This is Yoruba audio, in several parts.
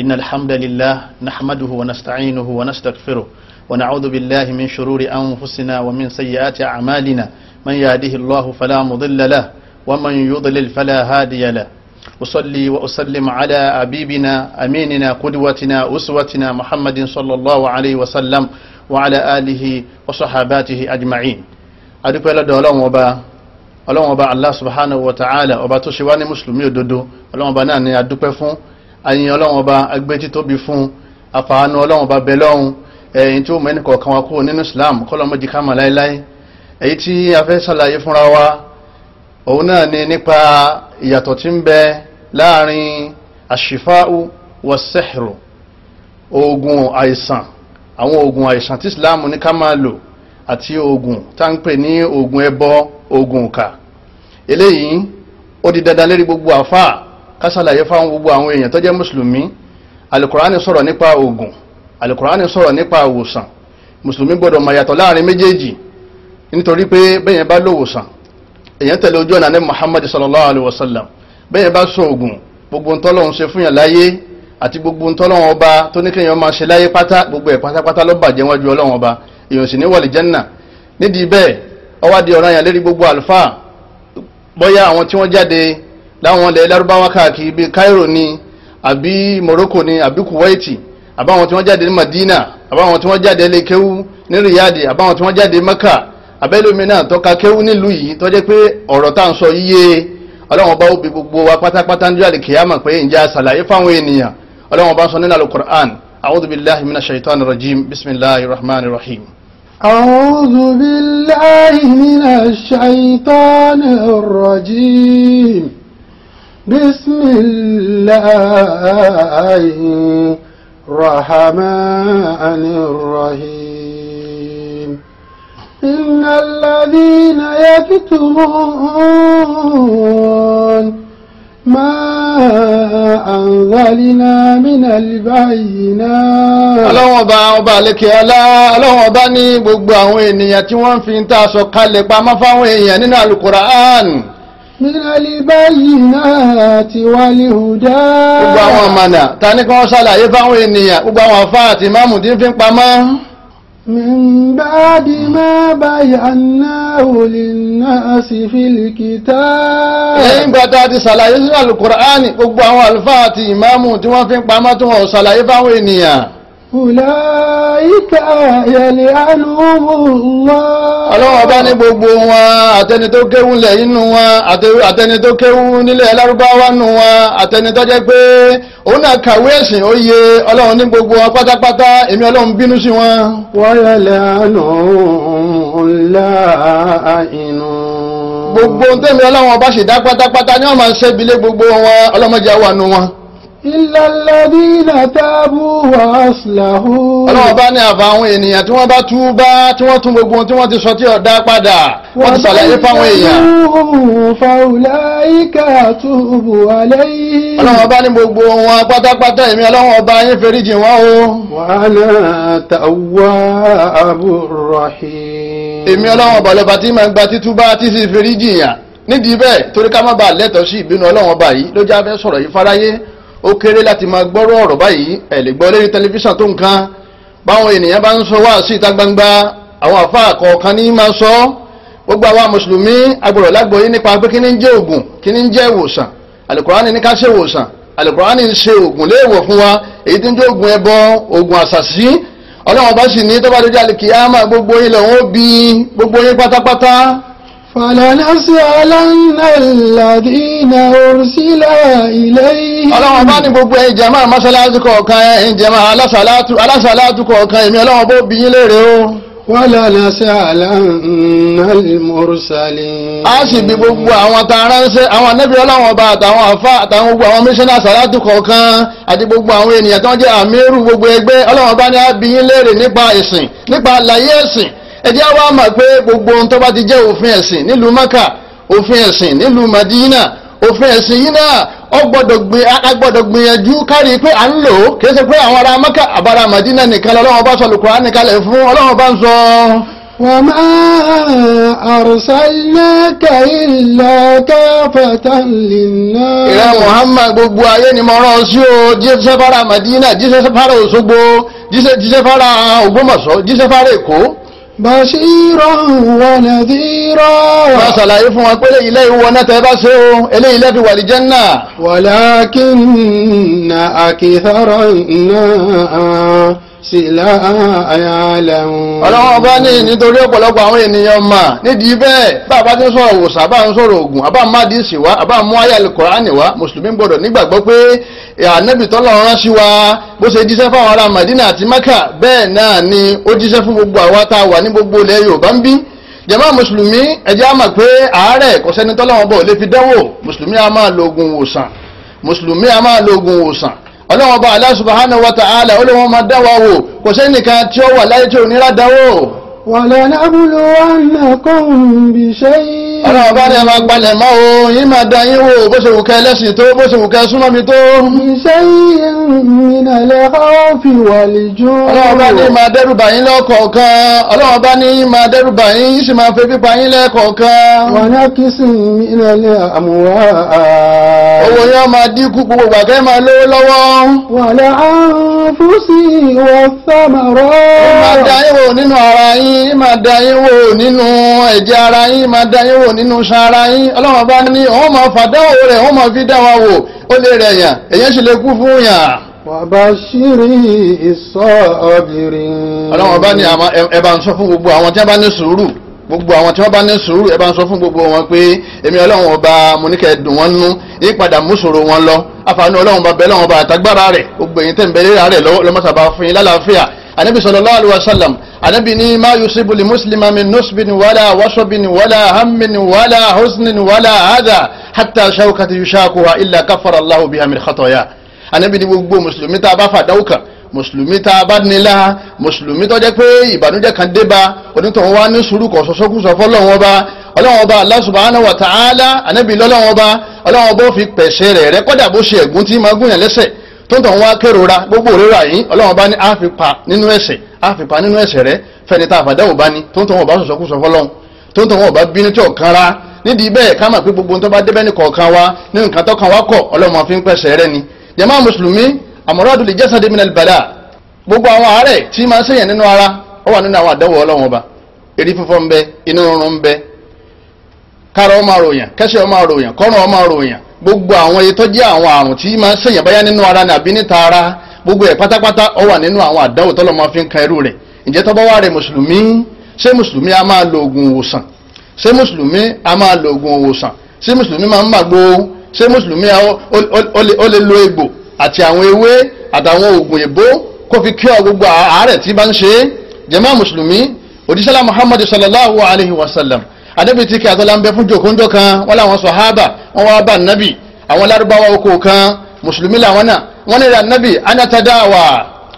إن الحمد لله نحمده ونستعينه ونستغفره ونعوذ بالله من شرور أنفسنا ومن سيئات أعمالنا من يهده الله فلا مضل له ومن يضلل فلا هادي له أصلي وأسلم على أبيبنا أميننا قدوتنا أسوتنا محمد صلى الله عليه وسلم وعلى آله وصحاباته أجمعين adúpẹ́ lọ́dọ̀ ọlọ́run ọba ọlọ́run ọba allah subhanahu wa ta'ala ọba tó ṣe wá ní mùsùlùmí òdodo ọlọ́run ọba náà ni adúpẹ́ fún àyìn ọlọ́run ọba agbé títóbi fún àfàànú ọlọ́run ọba bẹ lọ́hùn ẹ̀yìn tí ó mẹ́ni kọ̀ọ̀kan wa kúrò nínú Islam kọ́lọ́mọ́jì kámà láéláé èyí tí a fẹ́ ṣàlàyé fúnra wa òun náà ni nípa ìyàtọ̀ tí ń bẹ láàrin àṣìfáù wọ́sẹ̀hìrò oògùn àìsàn àwọn oògùn àìsàn tí Islam ní ká lò àti oògùn tá ń pè ní oògùn ẹbọ oògùn ìkà eléyìí ó di dandan lérí gbogbo àfáà kásàlàyé fáwọn gbogbo àwọn èèyàn tó jẹ́ mùsùlùmí alukurani sọ̀rọ̀ nípa ogun alukurani sọ̀rọ̀ nípa òwòsàn mùsùlùmí gbọ́dọ̀ máa yàtọ̀ láàrin méjèèjì nítorí pé bẹ́yẹn bá lòwòsàn èèyàn tẹ̀lé ojú ọ̀nà ní muhammad sallallahu alayhi wa sallam bẹ́yẹn bá sọ oògùn gbogbo ntọ́lọ́hún ṣe fún yàn láyé àti gbogbo ntọ́lọ́hún ọba tó ní kéèyàn máa ṣe láyé pátá gbogbo ẹ̀ pátápátá ló bàjẹ́ wájú ọlọ́hún ọba èèyàn sì ní wàlì jẹ́nà nídìí bẹ́ẹ̀ ọwádìí ọ̀ranyàn lérí gbogbo àlùfáà bọ́yá àwọn tí wọ́n jáde láwọn ilẹ̀ lárúbáwá káàkiri bíi Cairo ni àbí Morocco ni àbí Kuwaiti àbáwọn tí wọ́n jáde ní Madina àbáwọn tí wọ́n jáde lè kéwú ní Riyadh àbáwọn tí wọ́n jáde Mecca abẹ́lómi náà tọ́ka kéwú nílùú yìí tó jẹ́ pé ọ̀rọ̀ tá à ń sọ yíyé ọlọ́wọ́n bá ó bi gbogbo wa pátápátá ń jáde kìyàmà pé ǹjẹ́ àṣàlàyé fáwọn ènìyàn ọlọ́wọ́n bá sọ nínú alukur'an a'udhu billahi minash shaitani rajim bismillahi rahman rahim. a'udhu billahi minash shaitani rajim. بسم الله الرحمن الرحيم إن الذين يكتمون ما أنزلنا من البينات ọlọ́wọ́n ọba ọba àlekè ọlá ọlọ́wọ́n ọba ní gbogbo àwọn ènìyàn tí wọ́n fi ń ta aṣọ kalẹ̀ pamọ́ fáwọn èèyàn nínú alukura'an. من البينات والهدى gbogbo àwọn àmànà ta ní kí wọ́n ṣàlàyé fáwọn ènìyàn gbogbo àwọn àfáà àti ìmáàmù dín fi ń pamọ́. من بعد ما بيعناه للناس في الكتاب lẹ́yìn ìgbà tá a ti ṣàlàyé sí alukur'ani gbogbo àwọn àlùfáà àti ìmáàmù tí wọ́n fi ń pamọ́ tí wọ́n ṣàlàyé fáwọn ènìyàn. أولئك يلعنهم الله ọlọ́wọ́ bá ní gbogbo wọn àtẹni tó kéwú lẹ̀ inú wọn àtẹni tó kéwú nílẹ̀ lárúbáwá nù wọn àtẹni tó jẹ́ pé òun náà kàwé ẹ̀sìn ó yẹ ọlọ́run ní gbogbo wọn pátápátá èmi ọlọ́run bínú sí wọn. wọ́n yẹ lẹ́nu inú gbogbo tẹ́mi ọlọ́run ọba ṣèdá pátápátá ni wọ́n máa ń ṣẹ́bi lé gbogbo wọn ọlọ́mọdé àwọn àánú wọn ilẹ̀ lẹ́bí tábù wàásùláhù. ọlọ́wọ́ bá ní àbá àwọn ènìyàn tí wọ́n bá túbá tí wọ́n tún gbogbo tí wọ́n ti sọ tí ọ̀dá padà wọ́n ti ṣàlàyé fáwọn èèyàn. fàwùláìkà túbù aláyé. ọlọ́wọ́ bá ní gbogbo wọn pátápátá èmi ọlọ́wọ́ bá yín fèrèjì wọn o. wàhálà tàwa àbúrọ̀hìn. èmi ọlọ́wọ́ bàlọ́bà tí màá gba títúbá tí sì yàn nídìí bẹ́ẹ̀ torí ká má bàa lẹ́tọ̀ọ́ sí ìbínú ọlọ́wọ́ bá yìí ló já fẹ́ sọ̀rọ̀ yìí fáráyé ó kéré láti máa gbọ́rọ̀ ọ̀rọ̀ báyìí ẹ̀ lè gbọ́ lórí tẹlifíṣàn tó nǹkan báwọn ènìyàn bá ń sọ wá sí ìta gbangba àwọn àfáà kọ̀ọ̀kan ní máa sọ gbogbo àwa mùsùlùmí agbọ̀rọ̀ lágbọ̀ọ́yé nípa pé kí ni ń jẹ́ ògùn kí ni ń jẹ́ ìwòsàn àlùkùránì ní ká ṣe ìwòsàn àlùkùránì ń ṣe ògùn léèwọ̀ fún wa èyí tí ń jẹ́ ògùn ẹbọ ògùn àṣàṣí ọlọ́run bá sì ní tó bá dojú àlùkìyámà gbogbo yín lọ́wọ́ bí gbogbo yín pátápátá فلنسألن الذين ilẹ̀ إليه ọlọ́run bá ní gbogbo ẹ̀yin jàmáà mọ́ṣáláṣí kọ̀ọ̀kan ẹ̀yin jàmáà aláṣàlátù kọ̀ọ̀kan èmi ọlọ́run bó bí yín léèrè o. ولنسألن المرسلين. a sì bí gbogbo àwọn tá a ránṣẹ́ àwọn anábì ọlọ́run ọba àtàwọn àtàwọn gbogbo àwọn míṣánná àti gbogbo àwọn ènìyàn tó ń jẹ́ àmírù gbogbo ẹgbẹ́ ọlọ́run bá ní léèrè nípa nípa ẹjẹ́ wa mọ̀ pé gbogbo ohun tó bá ti jẹ́ òfin ẹ̀sìn nílùú maka òfin ẹ̀sìn nílùú Madina òfin ẹ̀sìn yìí náà a gbìyànjú kárí pé à ń lò ó ṣe pé àwọn ará Madina nìkan lọ́wọ́ bá sọ Al-Qur'an fún bá ń sọ. wa ma arsalnaka illa kaffatan lin-nas. ìrẹ́ Muhammad gbogbo ayé ni mo rán ọ sí Madina jíṣẹ́ fara Òṣogbo jíṣẹ́ fara Ògbómọ̀ṣọ́ jíṣẹ́ fara Èkó. bàṣírọ̀ wọ̀nà dírọ̀. wọ́n ṣàlàyé fún wa pé ilé ìwọ náà tẹ́ bá ṣe o eléyìí lẹ́bi wà ní jẹ́nà. wàlákìnnà àkìhárọ̀ náà ti la ya'lamun. ọlọ́wọ́ bá ní nítorí ọ̀pọ̀lọpọ̀ àwọn ènìyàn mà nídìí bẹ́ẹ̀ bá a bá ti ń sọ̀rọ̀ òwòsàn àbá ń sọ̀rọ̀ ògùn àbá ń má díìsì wá àbá ń mú àyá Al-Kùránì wá mùsùlùmí gbọ́dọ̀ nígbàgbọ́ pé ànábì tọ́lọ́run rán sí wa bó ṣe jíṣẹ́ fáwọn ará Madina àti Maka bẹ́ẹ̀ náà ni ó jíṣẹ́ fún gbogbo àwa tá a wà ní gbogbo ilẹ̀ Yorùbá ń bí jàmáà mùsùlùmí ẹ jẹ́ á mọ̀ pé àárẹ̀ kò sẹ́ni tọ́lọ́run bọ̀ lè fi dánwò mùsùlùmí a máa lo oògùn òsàn mùsùlùmí a máa lo oògùn òsàn ọlọ́wọ́n bá Allah subhanahu wa ta'ala olóhùn máa dáwà wò kò sẹ́nìkan tí ó wà láyé tí ò ní rádáwò. wàlẹ̀ lábúlò ànàkùn bí ṣe yí. ọlọ́wọ́n bá dẹ̀ máa gbalẹ̀ mọ́ o yín máa da yín wò bó ṣe wù kẹ́ lẹ́sìn tó bó ṣe wù kẹ́ súnmọ́ mi tó. ṣe yín minalẹ̀ ọ́fì wàlíjú. ọlọ́wọ́n bá ní máa dẹ́rù bà yín lọ́kọ̀ọ̀kan ọlọ́wọ́n bá ní máa dẹ́rù bà yín yín sì máa fẹ́ pípa yín lẹ́kọ̀ọ̀kan. wàlẹ́ kìsìn minalẹ̀ àmúwá owó yẹn máa dínkù gbogbo ìgbà kẹ́ máa lówó lọ́wọ́. wàlẹ̀ àǹfùsì wọ sàmàrọ̀. ó máa da yín wò nínú ara yín máa da yín wò nínú ẹ̀jẹ̀ ara yín máa da yín wò nínú ṣan ara yín ọlọ́run bá ní òun máa fàdáwò rẹ̀ òun máa fi dá wò ó lè rẹ̀ yàn èyàn sì lè kú fún yàn. wàbáṣírí ìsọ̀ ọ̀bìnrin. ọlọ́run bá ní ẹ bá ń sọ fún gbogbo àwọn tí wọ́n bá ní sùúrù gbogbo àwọn tí wọ́n bá ní sùúrù ẹ bá ń sọ fún gbogbo wọn pé èmi ọlọ́run ọba mo ní kẹ́ dùn wọ́n nú yí padà mú sòrò wọn lọ àfààní ọlọ́run bá bẹ́ẹ̀ lọ́wọ́n bá àtagbára rẹ̀ gbogbo èyí tẹ̀m̀bẹ̀lẹ́ rẹ̀ lọ́mọ́sàbá fún yín lálàáfíà anabi sallallahu alaihi wasallam anabi ni ma yusibu li muslima min nusbin wala wasabin wala hammin wala husnin wala adha hatta shawkati yushakuha illa kafara allahu biha min khatoya anabi ni gbogbo mùsùlùmí tá a bá fà dáwùkà mùsùlùmí tá a bá nílá mùsùlùmí tó jẹ́ pé ìbànújẹ́ kan dé bá onítọ̀hún wá ní sùúrù kọ̀ sọ́sọ́kùsọ fọ́lọ́wọ́n ọba ọlọ́wọ́n ọba Allah subhanahu wa ta'ala anábì lọ́lọ́wọ́n ọba ọlọ́wọ́n ọba ó fi pẹ̀sẹ̀ rẹ̀ rẹ́ kọ́dà bó ṣe ẹ̀gún tí máa gúnyàn lẹ́sẹ̀ tó ń tọ̀hún kérora gbogbo òrera yìí ọlọ́wọ́n ọba ní á pa nínú ẹ̀ṣẹ̀ á pa nínú ẹ̀ṣẹ̀ rẹ fẹ́ni tá àfàdáwò bá ní tó ń tọ̀hún ọba sọ̀sọ́kùsọ fọ́lọ́hún tó ń tọ̀hún ọba bínú tí ọ̀kan ra nídìí bẹ́ẹ̀ ká mọ̀ pé gbogbo tó bá débẹ́ ní kọ̀ọ̀kan wa ní nǹkan tó kan kọ̀ ọlọ́mọ fi ń pẹ̀sẹ̀ rẹ ni jàmáà mùsùlùmí àmọ́ràdù lè jẹ́sà dé minal bala gbogbo àwọn àárẹ̀ tí máa ń ṣèyàn nínú ara ó wà nínú àwọn àdánwò ọlọ́run ọba èrí fífọ́ ń bẹ inú rúnrún ń bẹ kára ọmọ kẹsẹ̀ ọmọ gbogbo àwọn jẹ́ àwọn àrùn tí máa ara ni àbí níta ara gbogbo ẹ̀ pátápátá ó wà nínú àwọn àdánwò fi ń ka rẹ̀ àti àwọn ewé àtàwọn oògùn èbó kó fi kíọ́ gbogbo àárẹ̀ tí bá ń ṣe é jàmá mùsùlùmí òdìsálà muhammadu sallallahu alayhi wa sallam adébítí kí àtọ́lá ń bẹ fún jòkóńjọ́ kan wọ́n láwọn sọ̀hábà wọ́n wá bá nabi, àwọn lárúbáwá oko kan mùsùlùmí làwọn náà wọ́n ní rẹ̀ nábì anátádàwà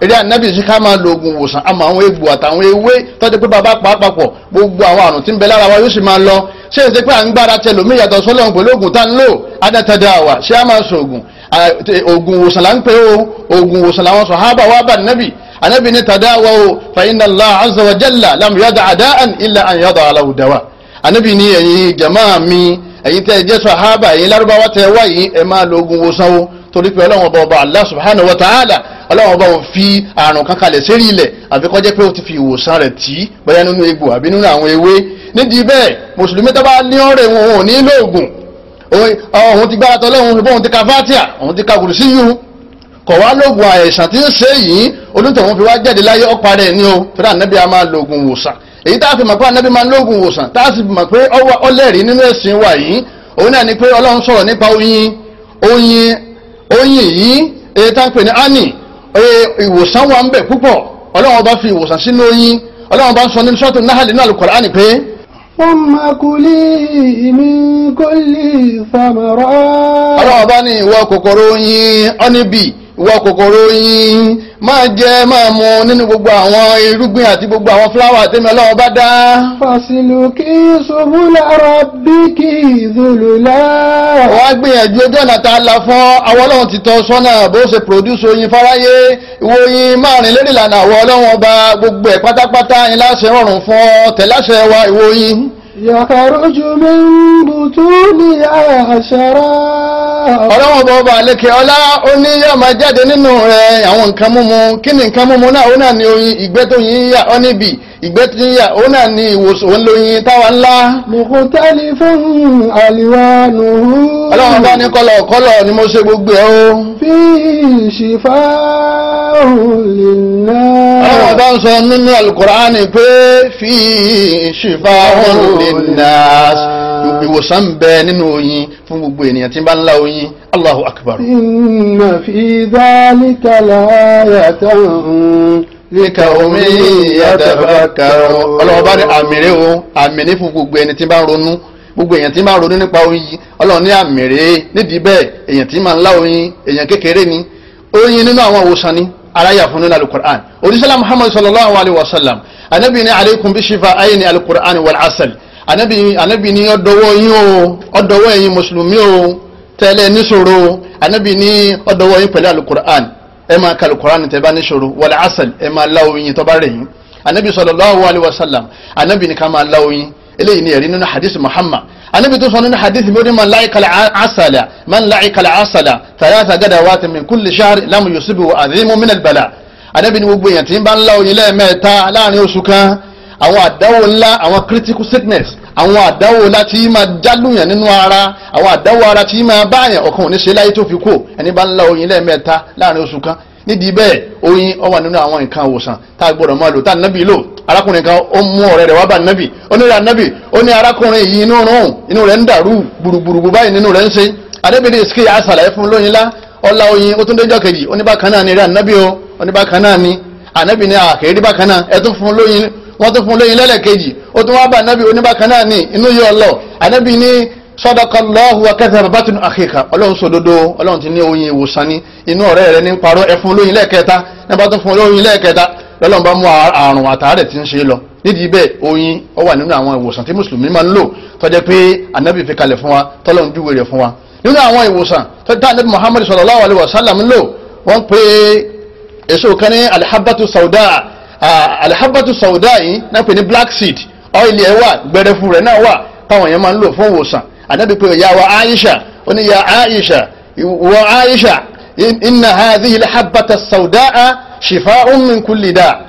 eré ànábì sí ká máa lo oògùn ìwòsàn àmọ́ àwọn egbò àtàwọn ewé tọ́jú pé bàbá pàápàpọ̀ gbogbo àwọn àrùn tí ń bẹ lára wa yóò sì máa lọ ṣé èsì pé à ń gbára tẹlòmíyàtọ̀ sọ́lọ́hún pẹ̀lú oògùn tá ń lò anátádàwà ṣé a máa sọ oògùn Ah, oògùn ìwòsàn là ń pè ó oògùn ìwòsàn làwọn sàhábà wá bá nàbì ànábì ní tàdáwà ó fa inna Allah azza wa jalla lam yada ada'an illa an yada alahu dawa ànábì ní ẹ̀yin jama mi ẹ̀yin tẹ́ ẹ jẹ́ sàhábà ẹ̀yin lárúbáwá tẹ́ wá yìí ẹ máa lo oògùn ìwòsàn o torí pé ọlọ́run ọba ọba Allah subhanahu wa ta'ala ọlọ́run ọba òun fi àrùn kankan lẹ̀ sérí ilẹ̀ àfi kó pé ó ti fi ìwòsàn rẹ̀ tì í bóyá nínú egbò àbí nínú àwọn ewé nídìí bẹ́ẹ̀ mùsùlùmí tó bá ní ọ̀rẹ́ wọn ò ní lóògùn ọ̀hun oh, ti gbára tọ́lọ́hún ìbọn ti ka fatia ọ̀hun ti ka si yu kọ̀ wá lóògùn àìsàn tí ń ṣe yìí onítọ̀hún fi wá jáde láyé ọ̀pá rẹ̀ ni o fúnra a máa wòsàn èyí tá a fi mọ̀ pé anẹ́bí máa a sì mọ̀ pé ọlẹ́rìí nínú ẹ̀sìn wà yìí òun náà ni pé ọlọ́run sọ̀rọ̀ nípa oyin oyin oyin yìí èyí tá a pè ní ani e, ìwòsàn ń púpọ̀ ثم كلي من كل ثمرات. ọlọ́wọ́ bá ní ìwọ kòkòrò máa jẹ máa mu nínú gbogbo àwọn irúgbìn àti gbogbo àwọn fúláwà tẹ́mi ọlọ́run bá dá. fàṣìlùkì ṣubúlà rọ̀bíkì ìdúlùlá. wọ́n á gbìyànjú ojú ọ̀nà tá a là fún àwọn ọlọ́run ti tọ́ sọ́nà bó ṣe pòdúsù oyin fáráyé ìwòyin márùn lérí ìlànà àwọn ọlọ́run ọba gbogbo ẹ̀ pátápátá ńlá ṣe rọrùn fún tẹ̀láṣẹ wa ìwòyin. yàtọ̀ rọ́jò mi ń bùtú ní àṣàrà ọlọ́wọ́n bọ̀ ọba àlékè ọlá ó ní yóò máa jáde nínú rẹ̀ àwọn nǹkan mímu kí ni nǹkan mímu náà ó náà ní oyin ìgbẹ́ tó yin yà ọ́ níbi ìgbẹ́ tó yin yà ó náà ní ìwòsàn òun lóyin táwa ńlá. mùkútẹ́lì fún àlìwá nù. ọlọ́wọ́n bá ní kọ́lọ̀ kọ́lọ̀ ni mo ṣe gbogbo ẹ̀ o. fi ìṣìfà òlì náà. ọlọ́wọ́n bá ń sọ nínú Al-Qur'ani pé fi ìṣìfà òlì náà ìwòsàn bẹ nínú oyin fún gbogbo ènìyàn tí ń bá ń lá oyin Allahu akbar. inna fi dhalika la'ayatan líka omi yatafakkaru ọlọ́wọ́ bá ní àmìrè o àmìrè fún gbogbo ẹni tí ń bá ń ronú gbogbo èèyàn tí ń ronú nípa oyin ọlọ́run ní àmìrè nídìí bẹ́ẹ̀ èèyàn tí máa ń lá oyin èèyàn kékeré ni oyin nínú àwọn òwòsàn ni aráyà fún nínú alukur'an oníṣẹ́lá muhammad wa sallam anabi ni aleikum bishifa ayini alukur'an wal anabi anabi ni ọdọwọ yín o ọdọwọ ẹ̀yin mùsùlùmí o tẹlẹ níṣòro anabi ni ọdọwọ yín pẹ̀lú alukur'an ẹ máa ka alukur'an tẹ bá níṣòro wàlẹ asal ẹ máa la oyin tọ́ bá rẹ̀ yín anabi sallallahu alaihi wasallam anabi ni ká máa la oyin eléyìí ni ẹ̀rí nínú hadith muhammad anabi tó sọ nínú hadith mi ó ní man la'ika al-asala man la'ika al-asala thalatha gadawatin min kulli shahr lam yusibu adhimu min al-bala anabi ni gbogbo èèyàn tí ń bá ń la oyin lẹ́ẹ̀mẹ́ta láàrin oṣù kan àwọn àdáwò ńlá àwọn critical sickness àwọn àdáwò ńlá tí máa jálùyàn nínú ara àwọn àdáwò ara tí máa báyàn ọkàn òní ṣe láyé tó fi kú ẹni bá ń la oyin lẹ́ẹ̀mẹ́ta láàrin oṣù kan nídìí bẹ́ẹ̀ oyin ó wà nínú àwọn nǹkan àwòsàn tá a gbọ́dọ̀ máa lò tá a nábì lò arákùnrin kan ó mú ọ̀rẹ́ rẹ̀ wá bá nábì ó ní ra nábì ó ní arákùnrin yìí inú rún inú rẹ̀ ń dàrú gbùrùgbùrù báyìí nínú rẹ̀ ń ṣe adébìnrin ìsìkè àṣàlàyé fún lóyin lá ọlá oyin ó tún déjọ́ kejì ó ní bákan náà ni rẹ̀ ànábì o ó ní bákan náà ni ànábì ni àkèrè bákan náà ẹ tún fún lóyin wọ́n tún fún lóyún lẹ́lẹ́kejì ó tún wá bá anábì oníbàkan náà ní inú yóò lọ anábì ní sadakallahu wa kadhaba batnu akhika ọlọ́run sòdodo ọlọ́run ti ní oyin ìwòsàn ní inú ọ̀rẹ́ rẹ ní parọ́ ẹ fún lóyún lẹ́ẹ̀kẹta nígbà tó fún lóyún lẹ́ẹ̀kẹta lọ́lọ́run bá mú àrùn àtàárẹ̀ tí ń ṣe lọ nídìí bẹ́ẹ̀ oyin ó wà nínú àwọn ìwòsàn tí mùsùlùmí máa ń lò tó pé anábì fi kalẹ̀ fún wa tọ́lọ́run júwe rẹ̀ fún wa nínú àwọn ìwòsàn tó dá anábì muhammad sallallahu alaihi wasallam lò wọ́n pe èso kan ní alhabatu sauda Ah, alihabatu sauda yìí náà pè ní black seed ọ́ìlì ẹ̀ wà gbẹrẹfu rẹ̀ náà wà táwọn èèyàn máa ń lò fún ìwòsàn ànábì pé ìyá wa aisha ó ní ya aisha ìwọ aisha inna hadhihi alihabata sauda shifa'un min kulli da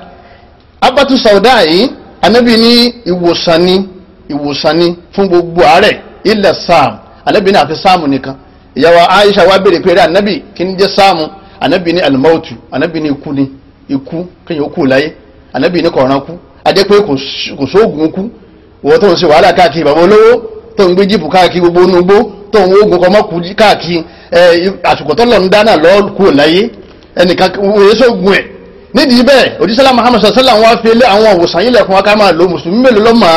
abatu sauda yìí ànábì ní ìwòsàn ni ìwòsàn ni fún gbogbo àárẹ̀ ilẹ̀ sam ànábì ní àfi sam nìkan ìyá wa aisha wa béèrè pé rẹ ànábì kí ni jẹ́ sam ànábì ní alimautu ànábì ní ikú ni ikú kéèyàn ó kú láyé ànábì ní kọ̀ọ̀ràn kú ajẹ́ pé kò sóògùn kú wọ́n tó ń ṣe wàhálà káàkiri bàbá olówó tó ń gbé jíìpù káàkiri gbogbo inú igbó tó ń wógun kọ́ mọ́kù káàkiri àsìkò tó lọ́n dáná lọ́ọ́ kú láyé ẹnìkan wòye sóògùn ẹ̀ nídìí bẹ́ẹ̀ òjísọ́lá Muhammad sọ́sọ́lá wọn fi lé àwọn òwòsàn yìí lẹ́kùn aká máa lo mùsùlùmí mélòó lọ́mọ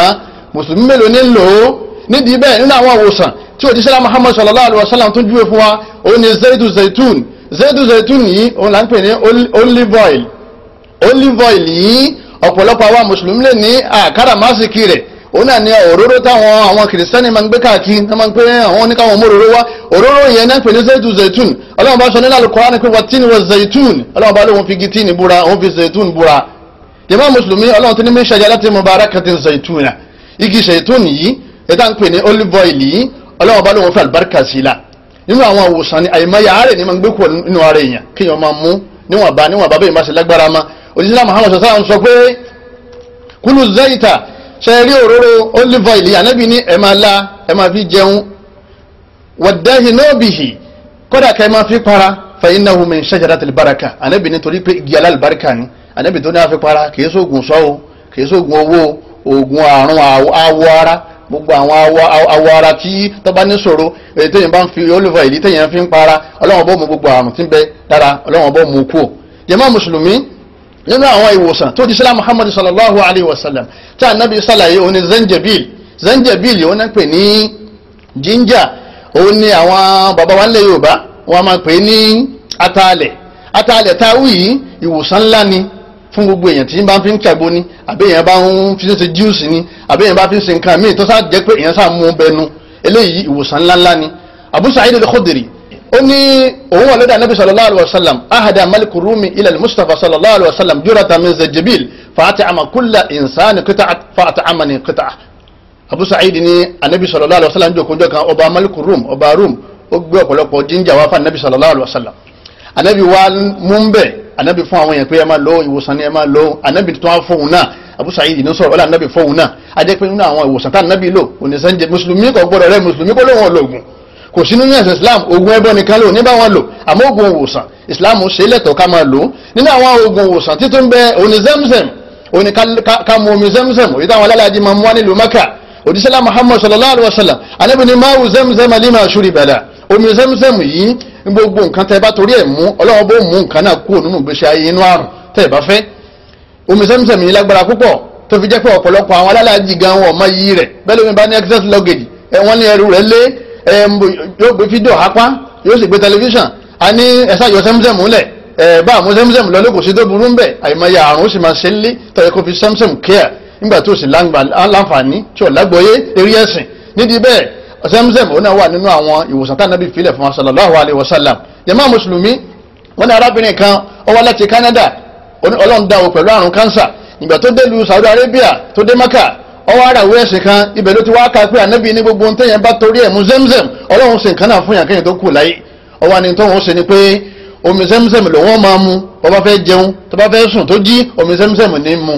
mùsùlùmí mélòó ní lò ó nídìí bẹ́ẹ̀ nínú àwọn òwòsàn tí òjísọ́lá Muhammad sallallahu alaihi wasallam tún júwe fún wa òun ni zaidu zaitun zaidu zaitun yìí òun là ń pè ní olive oil olive oil yìí ọ̀pọ̀lọpọ̀ àwa mùsùlùmí lè ní àkàràmásìkì rẹ̀ òun náà ni òróró táwọn àwọn kìrìsìtẹ́nì máa ń gbé káàkiri náà máa ń pé àwọn oníkàwọn ọmọ òróró wá òróró yẹn náà pèlú zaitu zaitun ọlọ́run bá sọ nínú Al-Qur'an pé wàtín wa zaitun ọlọ́run bá lóun fi gitini búra òun fi zaitun búra jẹ́mọ́ mùsùlùmí ọlọ́run tó ní méṣẹ́ ajá láti mubarakatin zaituna igi zaitun yìí ẹ̀dá ń pè ní olive oil yìí ọlọ́run bá lóun fi àlùbáríkà sí la nínú àwọn àwòsàn ni àyèmáyà ni máa ń gbé kúrò òṣìṣẹ́ Muhammad sọ̀tàn sọ pé kúlù zayita ṣe rí òróró olive oil ànábì ní ẹ̀ máa la ẹ̀ máa fi jẹun wàdáhì náà bìhì kódà kẹ́ máa fi para fẹ̀yìn náà hùmẹ̀ ṣẹ́jáde baraka ànábì nítorí pé igi alálùbáríkà ni ànábì tó ní àfi para kìí sóògùn sọ́wọ́ kìí sóògùn owó oògùn àrùn awọ ara gbogbo àwọn awọ ara tí tọ́ba ní ṣòro èyí tẹ́yìn bá ń fi olive oil tẹ́yìn fi ń para ọlọ́wọ́n bó mu gbogbo àrùn tí ń bẹ dára ọlọ́wọ́n bó mu kú jàmá mùsùlùmí nínú àwọn ìwòsàn tó ti sílá muhammadu sallallahu alayhi wa sallam tí anabi sàlàyé òun ni zanjabil zanjabil òun náà pè ní ginger òun ni àwọn bàbá wa nílẹ̀ yorùbá wọn máa pè ní atalẹ̀ atalẹ̀ táwí yìí ìwòsàn ńlá ni fún gbogbo èèyàn tí bá fi ń kàgbó ni àbí èèyàn bá ń fi ṣe jíùsì ni àbí èèyàn bá fi ṣe nǹkan míì tó sá jẹ́ pé èèyàn sá mú bẹnu eléyìí ìwòsàn ńláńlá ni Abu Sa'id al-Khudri ó ní òun wà lọ́dọ̀ anabi sallallahu alayhi wa sallam ahada maliku rumi ilal mustapha sallallahu alayhi wa sallam jurata min zajibil fàtí àmà kulla insani kita'a fàtí àmà ni kita'a abu sa'id ni anabi sallallahu alayhi wa sallam jòkójọ kan ọba maliku rum ọba rum ó gbé ọ̀pọ̀lọpọ̀ jíjà wá fún anabi sallallahu alayhi wa sallam anabi wa mú bẹ́ẹ̀ anabi fún àwọn yẹn pé ẹ máa lọ ìwòsàn ni ẹ máa lọ anabi tó wá fóun náà abu sa'id ní sọ̀rọ̀ ọlá anabi fóun náà kò sí nínú ẹ̀sìn islam oògùn ẹbọ nìkan lò níbà wọn lò àmọ́ oògùn òwòsàn islam ṣe lẹ́tọ̀ọ́ ká máa lò ó nínú àwọn oògùn òwòsàn títún bẹ òní zemzem òní ká mu omi zemzem òyí táwọn alálàájì máa mú wá nílùú mẹ́kà òdìsẹ́lá muhammad sallallahu alayhi wa sallam anábì ní máa wù zemzem alima ṣúrì bẹ̀rẹ̀ omi zemzem yìí gbogbo nǹkan tẹ́ bá torí ẹ̀ mú ọlọ́wọ́n bó mú nǹkan náà kúrò nínú ìgbésí ayé inú àrùn tẹ́ ẹ bá fẹ́ omi zemzem yìí lágbára púpọ̀ tó fi jẹ́ pé ọ̀pọ̀lọpọ̀ àwọn alálàájì gan wọn ọmọ yìí rẹ̀ bẹ́ẹ̀ lómi bá ní excess luggage ẹ̀ wọ́n ní ẹrù rẹ̀ lé yóò gbé fídíò apá yóò sì gbé tẹlifíṣàn a ní ẹ̀sà yọ sẹ́mùsẹ́mù lẹ̀ ẹ̀ bá àwọn sẹ́mùsẹ́mù lọ lókùsí tó burú ń bẹ̀ àìmọye àrùn ó sì máa ṣe ń lé tọ́yẹ kó fi sẹ́mùsẹ́mù kíà nígbà tó sì láǹfààní tí ò lágbóyé eré ẹ̀sìn nídìí bẹ́ẹ̀ sẹ́mùsẹ́mù ó náà wà nínú àwọn ìwòsàn tánàbí filẹ̀ fún sallallahu Canada ọlọ́run dá o pẹ̀lú àrùn kánsà Saudi Arabia tó dé ọwọ́ ara ìwé ẹ̀sìn kan ibẹ̀ ló ti wá ká pé ànábì ní gbogbo ohun téèyàn bá torí ẹ̀ mú zemzem ọlọ́run ṣe nǹkan náà fún yàn kéèyàn tó kù láyé ọwọ́ ni tóun ṣe ni pé omi zemzem lòun máa mu tó bá fẹ́ jẹun tó bá fẹ́ sùn tó jí omi zemzem ní mu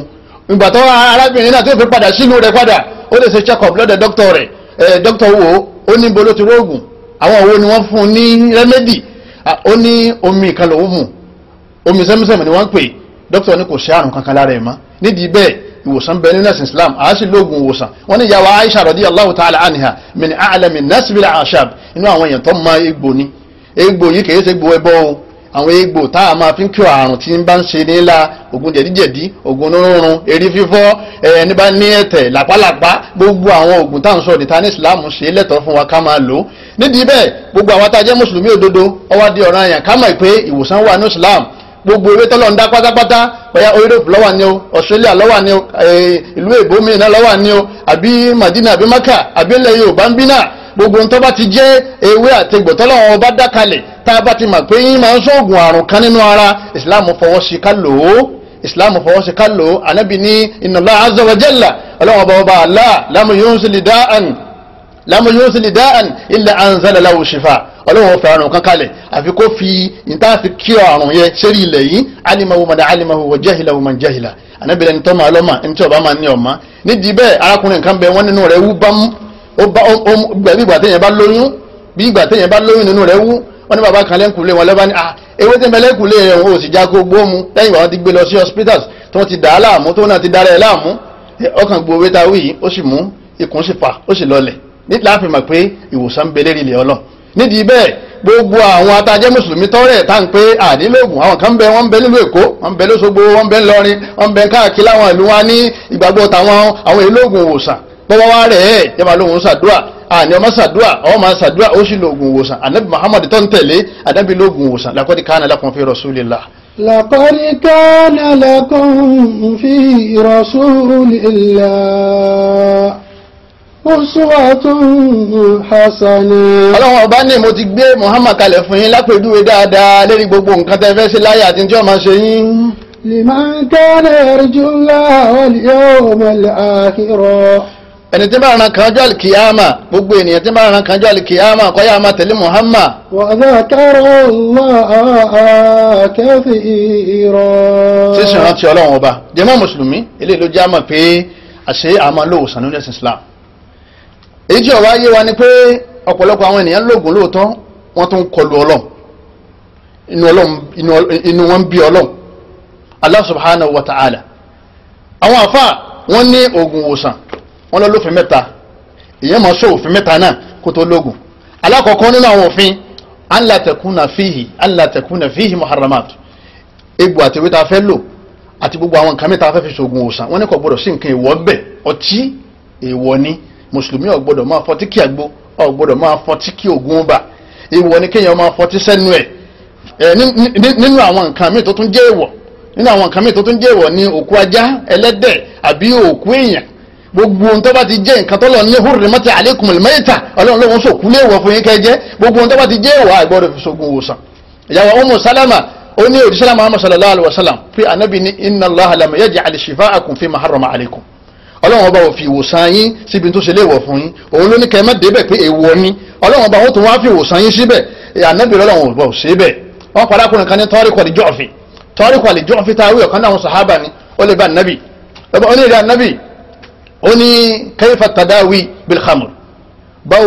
ìgbà tó arábìnrin náà tó fi padà sínú rẹ̀ padà ó lè ṣe check up lọ́dọ̀ dókítọ̀ rẹ̀ ẹ̀ dókítọ̀ wo ó ní bolo ti róògùn àwọn òwò ni wọ́n fún un ní rẹ́mẹ́dì ó ní omi kan lòun omi zemzem ni wọ́n pè dókítọ̀ ní kò ṣe àrùn kankan lára ẹ̀ mọ́ nídìí bẹ́ẹ̀ ìwòsàn bẹ Islam a sì lóògùn ìwòsàn wọ́n ní Aisha radiyallahu ta'ala anha min a'lami an-nas bil a'shab inú àwọn èèyàn tó ma egbò ni egbò yìí kìí ṣe egbò ẹbọ o àwọn egbò tá a máa fi ń kí àrùn tí ń bá ń ṣe ogun jẹ̀díjẹ̀dí ogun fífọ́ bá ní ẹ̀tẹ̀ gbogbo àwọn ogun tá à ń sọ ní Islam ṣe lẹ́tọ̀ọ́ fún wa ká máa lò ó nídìí bẹ́ẹ̀ gbogbo àwọn tá a jẹ́ mùsùlùmí òdodo ká mọ̀ Islam gbogbo ewé tọ́lọ̀ ń dá pátápátá bóyá Europe lọ́wà ni o Australia lọ́wà ni o ìlú èbó mìíràn lọ́wà ni o àbí Madina àbí Maka àbí ilẹ̀ Yorùbá ń bí náà gbogbo ntọ́ bá ti jẹ́ ewé àtegbò tọ́lọ̀ wọn bá dákalẹ̀ tá a bá ti mọ̀ pé yín máa ń sóògùn àrùn kan nínú ara Islam fọwọ́ sí ká lò ó Islam fọwọ́ sí ká lò ó anábì ní ìnàlá azza wa jalla ọlọ́wọ́n bá ọba àlá lámú yóò sì lè dáhàn ilẹ̀ anzala lahu shifa ọlọ́run ò fẹ́ àrùn kan kalẹ̀ àfi kó fi ìtaàfi kí àrùn yẹn ṣẹ́rí ilẹ̀ yìí alimahu man alimahu wa jahilahu man jahila ànábìlẹ̀ ní tọ́mọ alọ́mọ ẹni tí ọba máa ní ọ̀ma nídìí bẹ́ẹ̀ arákùnrin kan bẹ wọ́n nínú rẹ̀ wú bá bí ìgbà téèyàn bá lóyún bí ìgbà téèyàn bá lóyún nínú rẹ̀ wú wọ́n ní bàbá kan lẹ́kùnlé wọn lọ́ba ní à ah, ewé tí mẹlẹ́kùnlé rẹ̀ wọn ò sì já kó gbóòmù lẹ́yìn ìgbà wọn ti gbé lọ sí hospitals tó ti dà á láàmú tó náà ti dára ẹ̀ láàmú ọkàn gbowó tá a ó sì mú ikùn sì fà ó sì lọlẹ̀ ní láàfin mọ̀ pé ìwòsàn ń belé rí ilẹ̀ ọlọ́ọ̀ nídìí bẹ́ẹ̀ gbogbo àwọn atajẹ́ mùsùlùmí tọ́rẹ̀ tá n pé àdínlógún àwọn kan bẹ wọ́n bẹ nílùú èkó wọ́n bẹ lóṣogbo wọ́n bẹ ńlọrin wọ́n bẹ káàkiri láwọn ìlú wa ní ìgbàgbọ́ tàwọn àwọn ìlógún òwòsàn bọ́wọ́ wa rẹ̀ ẹ̀ yẹ́n máa lóhun ṣàdúrà àní ọmọ ṣàdúrà ọmọ máa ṣàdúrà ó sì lóògùn òwòsàn ànábì muhammad tó ń tẹ̀lé ànábì lóògùn òwòsàn làkọ́dí kánà lakum fi rasulillah. làkọ́dí kánà lakum fi rasulillah ọlọ́wọ́n ọba ní mo ti gbé Muhammad kalẹ̀ fún yín lápèjúwe dáadáa lérí gbogbo nǹkan tẹ́ fẹ́ ṣe láyé àti tí ọmọ ṣe yín. liman kana yarjulla wal yawmal akhir. ẹni tí bá ran kanjọ́ alikiyama gbogbo ènìyàn tí bá ran kanjọ́ alikiyama kọ́yà máa tẹ̀lé Muhammad. wa dhakara Allaha kathira. sísun rántí ọlọ́wọ́n ọba jẹ́mọ́ mùsùlùmí eléyìí ló jẹ́ àmọ̀ pé àṣẹ àmọ́ lówó sànú èyí tí ọ̀wá yé wa ni pé ọ̀pọ̀lọpọ̀ àwọn ènìyàn lóògùn lóòótọ́ wọ́n tún kọlu ọlọ́run inú ọlọ́run inú wọn bí ọlọ́run Allah subhanahu wa ta'ala àwọn àfa wọ́n ní oògùn òsàn wọ́n lọ lófin mẹ́ta èyàn máa sọ òfin mẹ́ta náà kó tó lóògùn alákọ̀ọ́kọ́ nínú àwọn òfin an la takuna fihi an la fihi muharramat egbò àti ewé ta fẹ́ lò àti gbogbo àwọn nǹkan mẹ́ta fẹ́ fi ṣoògùn òsàn wọ́n ní kò gbọ́dọ̀ sí nǹkan èèwọ̀ bẹ́ẹ̀ ọtí èèwọ̀ ni mùsùlùmí ò gbọ́dọ̀ máa fọtí kí àgbo ò gbọ́dọ̀ máa fọtí kí ògùn bá èèwọ̀ ni kéèyàn máa fọtí sẹ́nu ẹ̀ nínú àwọn nǹkan míì tó tún jẹ́ èèwọ̀ nínú àwọn nǹkan míì tó tún jẹ́ èèwọ̀ ni òkú ajá ẹlẹ́dẹ̀ àbí òkú èèyàn gbogbo ohun tó bá ti jẹ́ nǹkan tó lọ ní hurrimat alaykum al-mayta ọlọ́run lóun sòkú léèwọ̀ fún yín kẹ́ jẹ́ gbogbo ohun tó bá ti jẹ́ èèwọ̀ àgbọ̀dọ̀ fi sógun wòsàn ìyàwó Ummu Salama ó ní òjíṣẹ́ Muhammad sallallahu alaihi wasallam fi anabi ní inna Allaha lam yaj'al shifa'akum fima harrama alaykum ọlọ́run ọba ò fi ìwòsàn yín síbi tó ṣe léèwọ̀ fún yín òun ló ní kẹ́ ẹ má débẹ̀ pé èèwọ̀ ni ọlọ́run ọba wọn tó wá fi ìwòsàn yín síbẹ̀ ànábìrì ọlọ́run ọba ò ṣe bẹ̀ wọ́n padà kùnrin kan ní tọ́ríkọ̀ lè jọ́ọ̀fì tọ́ríkọ̀ lè jọ́ọ̀fì tá a wí ọ̀kan náà àwọn sàhábà ni ó lè bá ànábì ó ní ìrẹ́ ànábì ó ní kayfa tadawi bil báwo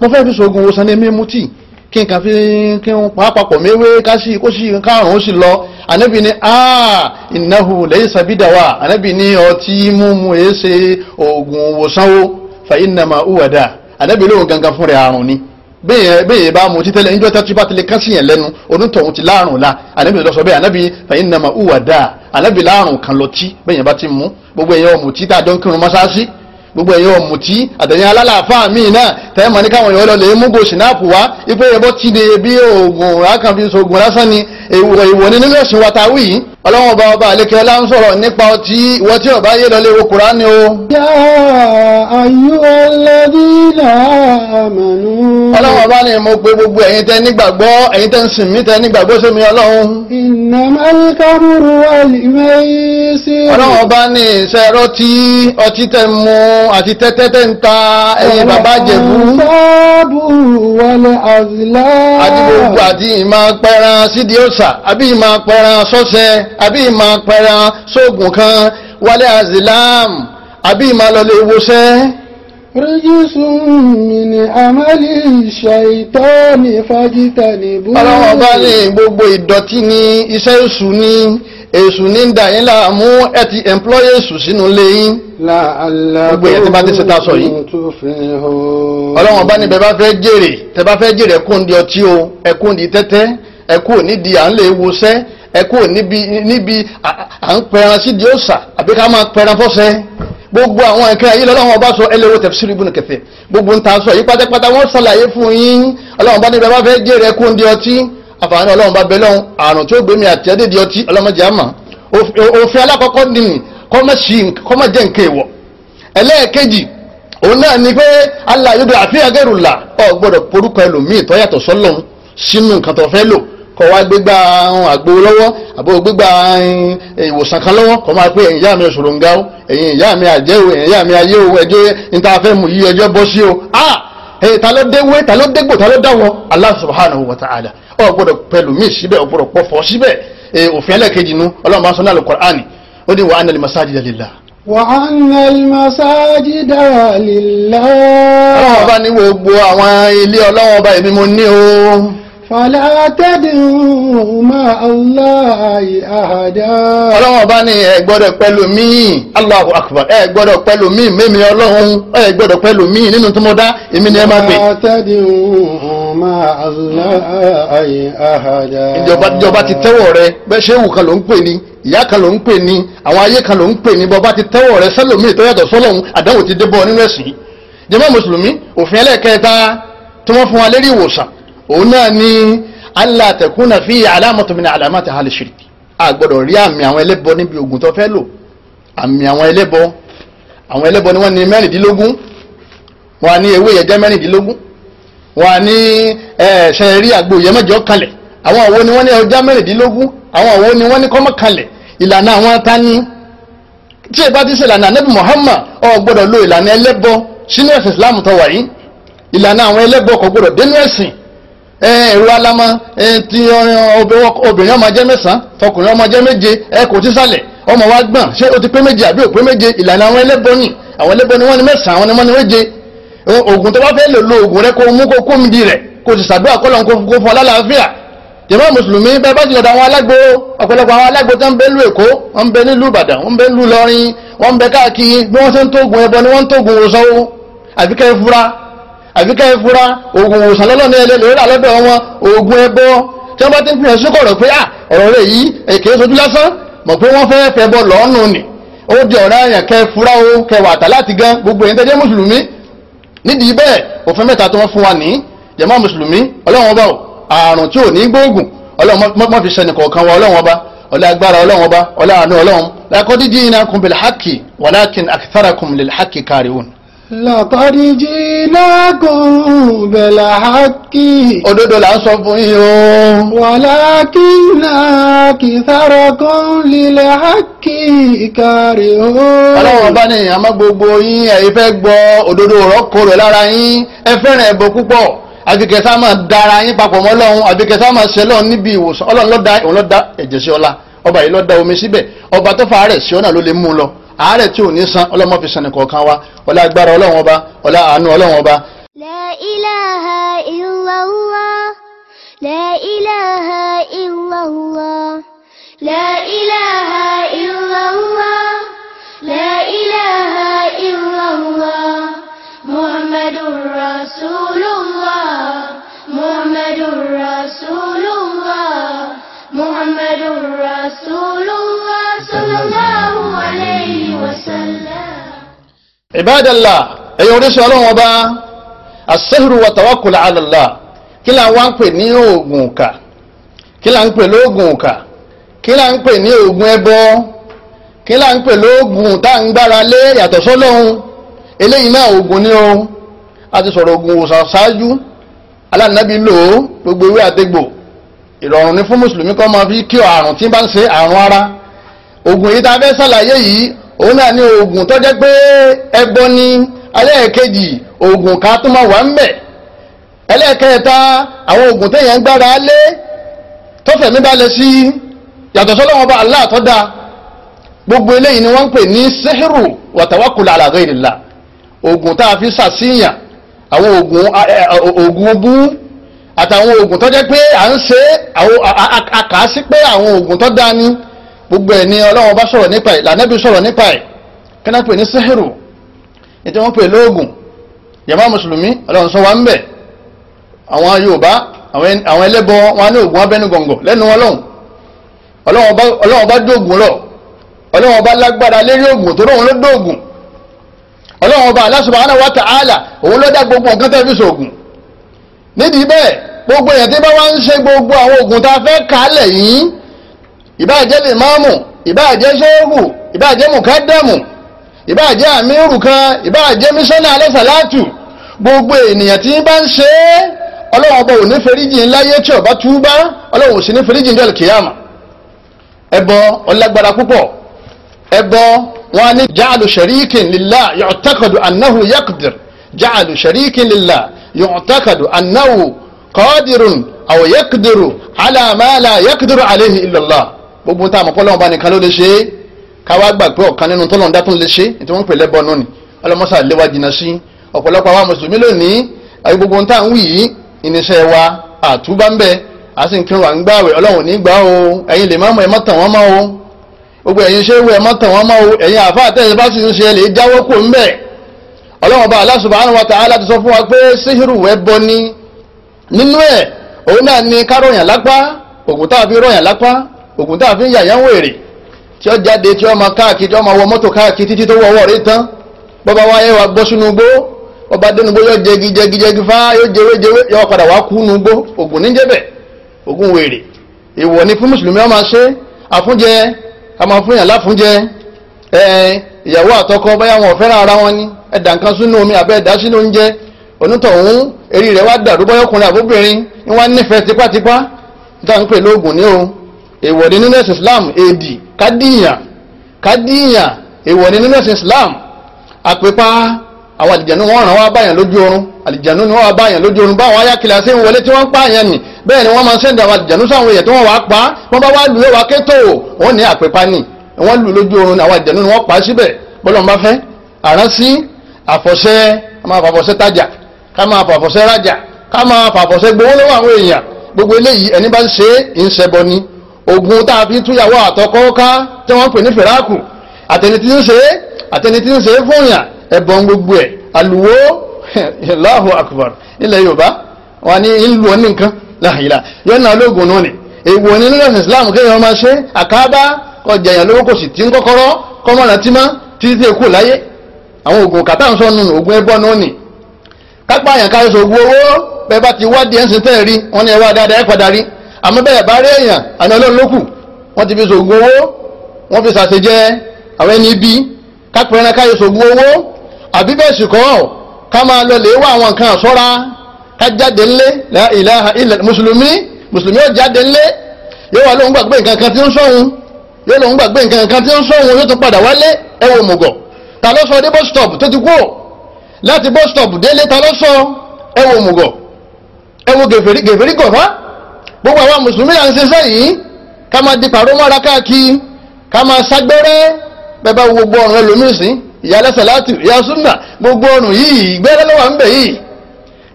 mo fẹ́ fi sògùn òwòsàn ní mímú tí kí n kàn fi kí n pàápàpọ̀ méwé ká sí kó sí kárùn-ún sí lọ ànábì ní áà ìnáhù lẹ́yìn sàbídàwà ànábì ní ọtí mímu èé e ṣe oògùn òwòsàn o fàyínàmà ùwàdà ànábì lóhùn gangan fún rẹ̀ àrùn ni bẹ́ẹ̀ bá mu títẹ́lẹ̀ níjọ́ tẹ́tí bá tilẹ̀ kán síyàn lẹ́nu onítọ̀hún ti láàrùn la ànábì lọ́sọ bẹ́ẹ̀ ànábì fàyínàmà ùwàdà ànábì láàrùn kan lọ tí bẹ́ẹ̀ bá ti mú gbogbo ẹ̀yẹ ọmọ tí tá a jọ ń kírun mọ́sáàsì gbogbo ẹ̀yin ọ̀mùtí àtẹ̀yìn alálàáfáà míì náà tẹ́ẹ̀mọ̀ ní káwọn èèyàn lọ lè mú gòṣìnáàpù wá ipé ẹ̀bọ́ ti de bí oògùn rákan fi sògùn lásán ni èèwọ̀ ìwọ̀ ní nílẹ̀ òṣìwàtàwí yìí ọlọ́wọ́n ọba ọba àlékẹ́ ọlá ń sọ̀rọ̀ nípa ọtí ìwọ tí ọba yé lọ léwo Kùránì o. yá ayú ẹlẹ́dínà àmàlú. ọlọ́wọ́n ọba ni mo pe gbogbo ẹ̀yin tẹ́ nígbàgbọ́ ẹ̀yin tẹ́ ń sìn mí tẹ́ nígbàgbọ́ sómi ọlọ́run. innamal khamru wal maisir. ọlọ́wọ́n ọba ni iṣẹ́ ẹ̀rọ tí ọtí tẹ́ mu àti tẹ́tẹ́ tẹ́ ń ta ẹ̀yin bàbá jẹ̀bú. àti àbí ìmọ̀ apẹ̀rẹ̀ sóògùn kan wálé azilam àbí ìmọ̀ lọ́lẹ̀ ìwòsẹ́. rígísùn mi ni àmàlì ṣàìtọ́ni fagitanibu. ọlọ́wọ́ bá ní gbogbo ìdọ̀tí ni iṣẹ́ èṣù ni èṣù ní ń dà yín láàmú ẹ ti ẹ̀mplọ́yé èṣù sínú ilé yín. gbogbo èyàn tí bá ti ṣe ta sọ yìí. ọlọ́wọ́n bá ní bẹ́ẹ̀ bá fẹ́ jèrè tẹ́ bá fẹ́ jèrè ẹ̀kúndì ọtí o ẹ̀kúndì tẹ́tẹ́ ẹ̀kú òní di à ń lè wọṣẹ́ ẹ kúrò níbi níbi à ń pẹran sí di òòsà àbí ká máa pẹran fọ́sẹ̀ gbogbo àwọn ẹ̀kẹ́ ayé lọ́wọ́ bá sọ ẹlẹ́wọ́ tafsir Ibn Kathir gbogbo ń ta sọ yìí pátápátá wọ́n ṣàlàyé fún yín ọlọ́wọ́n bá níbi ẹ bá fẹ́ jèrè ẹkún di ọtí àfààní ọlọ́wọ́n bá bẹ lọ́hùn àrùn tó gbé mi àtẹ́dẹ́ di ọtí ọlọ́mọdé àmà òfin alákọ̀ọ́kọ́ nìyí kọ́mọ̀ jẹ́ nǹkan èèwọ̀ ẹlẹ́ẹ̀kejì òun náà ni pé Allah àfihàn gẹ́rù là ọ̀ gbọ́dọ̀ porúkọ ẹlòmíì tó yàtọ̀ sínú nǹkan tó fẹ́ lò kọ́ wá gbégbá um, àgbo lọ́wọ́ àbò gbégbá um, ìwòsàn kan lọ́wọ́ kọ́ máa pé ẹ̀yin ìyá mi ṣòro ń ga ó ẹ̀yin ìyá mi àjẹ́ o ẹ̀yin ìyá mi ayé o ẹjọ́ níta fẹ́ mú yí ẹjọ́ bọ́ sí o ah ẹ̀yin ta ló dé wé ta ló dé gbò ta ló dá wọn Allah subhanahu wa ta'ala ọ̀ gbọ́dọ̀ pẹ̀lú mí síbẹ̀ ọ̀ gbọ́dọ̀ pọ̀fọ̀ síbẹ̀ òfin ẹlẹ́kejì nu ọlọ́run bá sọ ní qurani ó wa anna masajida lillah. wa anna masajida lillah. ọlọ́run bá ní gbogbo àwọn ilé ọlọ́run ọba èmi mo ní o fàlà tẹ́dùn máa Allahi ahada. ọlọ́wọ́n bá ní ẹ gbọ́dọ̀ pẹ̀lú míì Allahu akbar ẹ gbọ́dọ̀ pẹ̀lú míì mímí ọlọ́run ẹ gbọ́dọ̀ pẹ̀lú míì nínú tó mọ́ dá èmi ni ẹ máa pè. fàlà tẹ́dùn máa Allahi ahada. ìjọba ìjọba ti tẹ́wọ̀ rẹ bẹ́ẹ̀ ṣé ewu kan ló ń pè ní ìyá kan ló ń pè ní àwọn ayé kan ló ń pè ní bọ́ba ti tẹ́wọ̀ rẹ sẹ́lòmíì tó yàtọ̀ òun náà ni allah takuna fi alamatu min alamati ahli a gbọdọ rí àmì àwọn ẹlẹ́bọ níbi oògùn tó fẹ́ lò àmì àwọn ẹlẹ́bọ àwọn ẹlẹ́bọ ni wọ́n ní mẹ́rìndínlógún wọ́n á ní ewé yẹn jẹ́ mẹ́rìndínlógún wọ́n á ní ẹ̀ẹ́sẹ̀ rí àgbo yẹn mẹ́jọ kalẹ̀ àwọn òwò ni wọ́n ní ọjà mẹ́rìndínlógún àwọn òwò ni wọ́n ní kalẹ̀ ìlànà àwọn anabi muhammad ọ gbọdọ lo ìlànà sínú tó wà yìí ìlànà àwọn kò ẹ̀rọ alamọ ti obìnrin ọmọ jẹ́ mẹ́sàn-án fọkùnrin ọmọ jẹ́ méje ẹ kò tí sálẹ̀ ọmọ wa gbọ̀n ṣé o ti pé méje àbí o pé méje ìlànà àwọn ẹlẹ́bọnì àwọn ẹlẹ́bọnì wọn ni mẹ́sàn-án àwọn ni wọn ni méje oògùn tó bá fẹ́ lò lo oògùn rẹ kó mú kó kó mi di rẹ kó o sì ṣàdúrà kó lọ́n kó fún ọ lálàáfíà jẹ̀mọ́ mùsùlùmí bẹ́ẹ̀ bá ti lọ́dọ̀ àwọn alágbo ọ̀pọ̀lọpọ̀ àwọn alágbo tó ń bẹ lu èkó wọ́n ń bẹ nílùú ìbàdàn wọ́n ń bẹ lu lọrin wọ́n ń bẹ káàkiri bí wọ́n ṣe ń tóògùn ẹbọ ni wọ́n ń tóògùn òṣòwò àfikẹ́ fura àbíkẹ́ ìfura oògùn òwòsàn lọ́lọ́ ní ẹlẹ́lẹ́ rírà lọ́dọ̀ wọn oògùn ẹbọ tí wọ́n bá ti ń fi hàn sókòrò pé à ọ̀rọ̀ rẹ̀ yìí èké sojú lásán mọ̀ pé wọ́n fẹ́ fẹ́ bọ́ lọ́ọ̀nù nì ó di ọ̀rẹ́ àyàn kẹ́ fura o kẹ́ wà láti gan gbogbo ẹ̀yin tẹ́jẹ́ mùsùlùmí nídìí bẹ́ẹ̀ òfin mẹ́ta tó wọ́n fún wa ní jẹ̀mọ́ mùsùlùmí ọlọ́wọ́n bá àrùn tí ò ní gbóògùn ọlọ́wọ́n mọ́ fi ṣẹ́ni kọ̀ọ̀kan wa ọlọ́wọ́n bá ọlá agbára ọlọ́wọ́n bá ọlá àánú ọlọ́wọ́n laqad jinakum bil haqqi. òdodo là ń sọ fún yín o. walakinna aktharakum lil haqqi karihun. ọlọ́wọ́n bá ní àmọ́ gbogbo yín ẹ̀yin fẹ́ gbọ́ òdodo rọ́kò rẹ̀ lára yín ẹ fẹ́ràn ẹ̀bọ púpọ̀ àbíkẹ́sá máa dára yín papọ̀ mọ́ Ọlọ́run àbíkẹ́sá máa ṣẹlọ́ níbi ìwòsàn Ọlọ́run ló dá ẹ̀jẹ̀ sí ọlá ọba ọ àárẹ̀ tí ò ní san ọlọ́mọ fi sànì kọ̀ọ̀kan wa ọlá agbára ọlọ́wọ́n ọba ọlá àánú ọlọ́wọ́n ọba. La ilaha illallah la ilaha illallah la ilaha illallah la ilaha illallah muhammadur rasulullah muhammadur rasulullah muhammadur rasulullah. Ibadallah ẹ̀yin oríṣi ọlọ́run ọba as wa tawakkul ala kí la wá ń pè ní oògùn ọ̀kà kí la ń pè lóògùn kí ń pè ní oògùn ẹbọ kí la ń pè lóògùn tá à ń gbára lé yàtọ̀ sọ́lọ́run eléyìí náà oògùn ni o a ti sọ̀rọ̀ gbogbo ìrọ̀rùn ni fún mùsùlùmí máa fi kí àrùn tí bá ń àrùn ara oògùn yìí tá a fẹ́ òun náà ní oògùn tó jẹ́ pé ẹbọ ni ẹlẹ́ẹ̀kejì oògùn ká tó máa wà ń bẹ̀ ẹlẹ́ẹ̀kẹta àwọn oògùn téèyàn ń gbára lé tó fẹ̀mí balẹ̀ sí yàtọ̀ sọ́lọ́wọ́n bá gbogbo eléyìí ni wọ́n ń pè ní sẹ́hìrù wàtàwákùlà ala ghairillah oògùn tá a fi sa àwọn oògùn oògùn bú àtàwọn oògùn tó jẹ́ pé à ń ṣe àkàásí pé àwọn oògùn tó ni gbogbo ẹ̀ ni ọba bá sọ̀rọ̀ nípa ẹ̀ lànàbí sọ̀rọ̀ nípa ẹ̀ kíná pè ní sẹ́hìrù ètò wọn pè lóògùn yàmá mùsùlùmí ọlọ́run sọ wá ń bẹ̀ àwọn yorùbá àwọn ẹlẹ́bọ wọn ní ògùn abẹ́nu gọ̀ǹgọ̀ lẹ́nu ọlọ́run ọlọ́run lọ ọlọ́run bá lágbára lérí ògùn tó ló dóògùn ọlọ́run ìbáàjẹ́ limamu ìbáàjẹ́ ṣéhù ìbáàjẹ́ mukadamu ìbáàjẹ́ amiru kan ìbáàjẹ́ mísọ́nà alẹ́sàlátù gbogbo ènìyàn tí bá ń ṣe é ọlọ́run ọba ò ní feríjì ńláyé tí ọba túbá ọlọ́run ò sì ní feríjì ńjọ́ kìyàmà ẹbọ ọlágbára púpọ̀ ẹbọ wọn ní ja'alu sharikin lillah yu'takadu annahu yaqdir ja'alu sharikin lillah yu'takadu annahu qadirun aw yaqdiru ala ma la yaqdiru alayhi illallah gbogbo tá a mọ̀ bá nìkan ló lè ṣe é káwá gbà pé ọ̀kan nínú tọ́lọ́n dá tó lè ṣe é tí wọ́n ń náà ni wa jìnnà sí ọ̀pọ̀lọpọ̀ àwa mùsùlùmí lónìí àbí gbogbo tá ń wì yìí ìníṣẹ́ wa àtúbá ń bẹ a sì ń kírun à ń gbà wẹ̀ ní gbà o ẹ̀yin lè má mọ̀ ẹ má tàn wọ́n mọ́ o gbogbo ẹ̀yin ṣé wẹ̀ má tàn wọ́n o àfa fi lápá ògùn tá a fi ń nwere ti wèrè tí ó jáde tí ó máa káàkiri tí ó máa wọ mọ́tò káàkiri títí tó wọ ọwọ́ rẹ̀ tán wa yẹ wa gbọ́ sínú gbó bọ́ba dénú gbó yóò jẹgi jẹgi jẹgi fá yóò jẹwé jẹwé yóò padà wá kú nu gbó ògùn níjẹ́ bẹ̀ ògùn wèrè ìwọ ni fún mùsùlùmí ọmọ ṣe àfúnjẹ ká máa fún yàn láfúnjẹ ẹ ìyàwó àtọkọ báyà wọn ara wọn ni ẹ̀dà nǹkan sínú omi àbẹ́ ẹ̀dá sínú oúnjẹ onítọ̀hún eré rẹ̀ wá dàrú bọ́yọ̀kùnrin àbóbìnrin nífẹ̀ẹ́ tipátipá níta ń pè lóògùn ní èèwọ̀ nínú ẹ̀sìn islam èdì kádìyàn kádìyàn èèwọ̀ nínú ẹ̀sìn islam àpèpá àwọn àlìjànú wọn ràn wá báyàn lójú oorun àlìjànú ni wọn wá báyàn lójú oorun báwọn ayákìlá sí ń wọlé tí wọn ń pààyàn nì bẹ́ẹ̀ ni wọ́n máa ń sẹ́ńdà àwọn àlìjànú sáwọn èèyàn tí wọ́n wá pa wọ́n bá wá lù ẹ́ wá kétò wọ́n ní àpèpá nì wọ́n lù lójú oorun àwọn àlìjànú ni wọ́n pa síbẹ̀ bọ́lọ́mọba fẹ́ àránsí àfọ̀ṣẹ́ ká máa fàfọ̀ṣẹ́ tajà ká máa fàfọ̀ṣẹ́ rajà ká máa fàfọ̀ṣẹ́ gbowó lọ́wọ́ àwọn èèyàn gbogbo eléyìí ẹni bá ń ṣe é ń ṣẹbọ ni ogun tá a fi túyàwó àtọkọ ká tí wọ́n pè ní fìràkù àtẹni tí ń ṣe é àtẹni tí ń ṣe é fòyàn ẹ̀bọ̀n gbogbo ẹ̀ àlùwò Allahu akbar ilẹ̀ yorùbá wọn ni ń lu ọní nǹkan láàyè yọ̀nà ológun náà ni èèwọ̀ ni nínú ẹ̀sìn islam kéèyàn máa ṣe àkàbá ọjà èèyàn lówó kò sì tí ń kọ́kọ́rọ́ kọ́mọ̀nà tí má títí èkó láyé àwọn oògùn kàtà ń sọ nù oògùn ẹbọ náà ni kápá àyànká ẹ̀sọ̀ ogun owó bẹ́ẹ̀ bá ti wádìí ẹ̀sìn tẹ́ẹ̀ rí wọn ni ẹ dáadáa ẹ̀ padà rí àmọ́ bẹ́ẹ̀ bá rí èèyàn àná ọlọ́run ló kù wọ́n ti fi sògùn owó wọ́n fi sàṣejẹ́ àwọn ẹni ibi kápẹ́rẹ́ káyọ sògùn owó àbí bẹ́ẹ̀ sì kọ́ ká máa lọ lè wá àwọn nǹkan àṣọ́ra ká jáde ńlé ìlànà ilẹ̀ mùsùlùmí mùsùlùmí ó jáde ńlé yóò wá lóun gbàgbé nǹkan kan tí ń sóhun yóò lóun gbàgbé nǹkan kan tí ń sóhun yóò tún padà wálé ẹ wo mùgọ̀ ta ló sọ dé bus stop tó ti kú ò láti bus stop délé ta ló sọ ẹ wo mùgọ̀ ẹ wo gèfèrí gèfèrí kọ̀ọ̀fà gbogbo àwọn mùsùlùmí à ń yi yìí ká máa di pàrọ́ mọ́ra káàkiri ká máa ságbẹ́rẹ́ bẹ́ẹ̀ bá gbogbo ọ̀run ẹlòmíì sí láti ìyá súnà gbogbo ọ̀run yìí ìgbẹ́rẹ́ lọ́wọ́ ń bẹ̀ yìí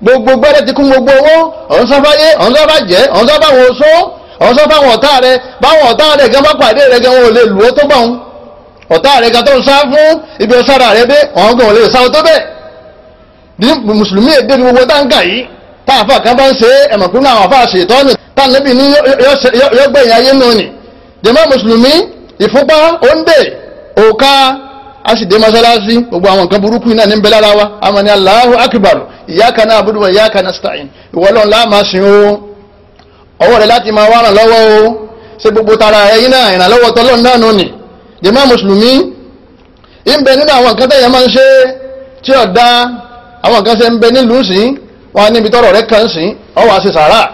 gbogbo gbẹ́rẹ́ ti kún gbogbo owó ọ̀n sáfáyé ọ̀n sáfájẹ́ ọ̀n sáfáwọn oṣó ọ̀n sáfáwọn ọ̀tá rẹ báwọn ọ̀tá rẹ gan bá pàdé rẹ gan wọn ò lè tó ọ̀tá rẹ gan tó ń sá fún táàfà kan bá ń ṣe ẹ̀mọ̀kúnú àwọn àfà ṣètọ́nì tánàbí ní yọ́gbẹ̀yìn ayé nù ni dèmọ́ mùsùlùmí ìfúnpá òǹdè òka aṣìdè mọ́sálásí gbogbo àwọn nǹkan burúkú iná ní bẹ́lára wa àmọ́ ni Allahu akbar iyyaka na'budu wa iyyaka nasta'in ìwọlọ́n láàmásìn o ọwọ́ rẹ̀ láti máa wárán lọ́wọ́ o ṣe gbogbo tara ẹ̀yìn náà ìrànlọ́wọ́ tọ́lọ́ náà nù ni dèmọ́ mùsùlùmí wọn níbi tọrọ rẹ kàn sí ọ wá ṣe sàrà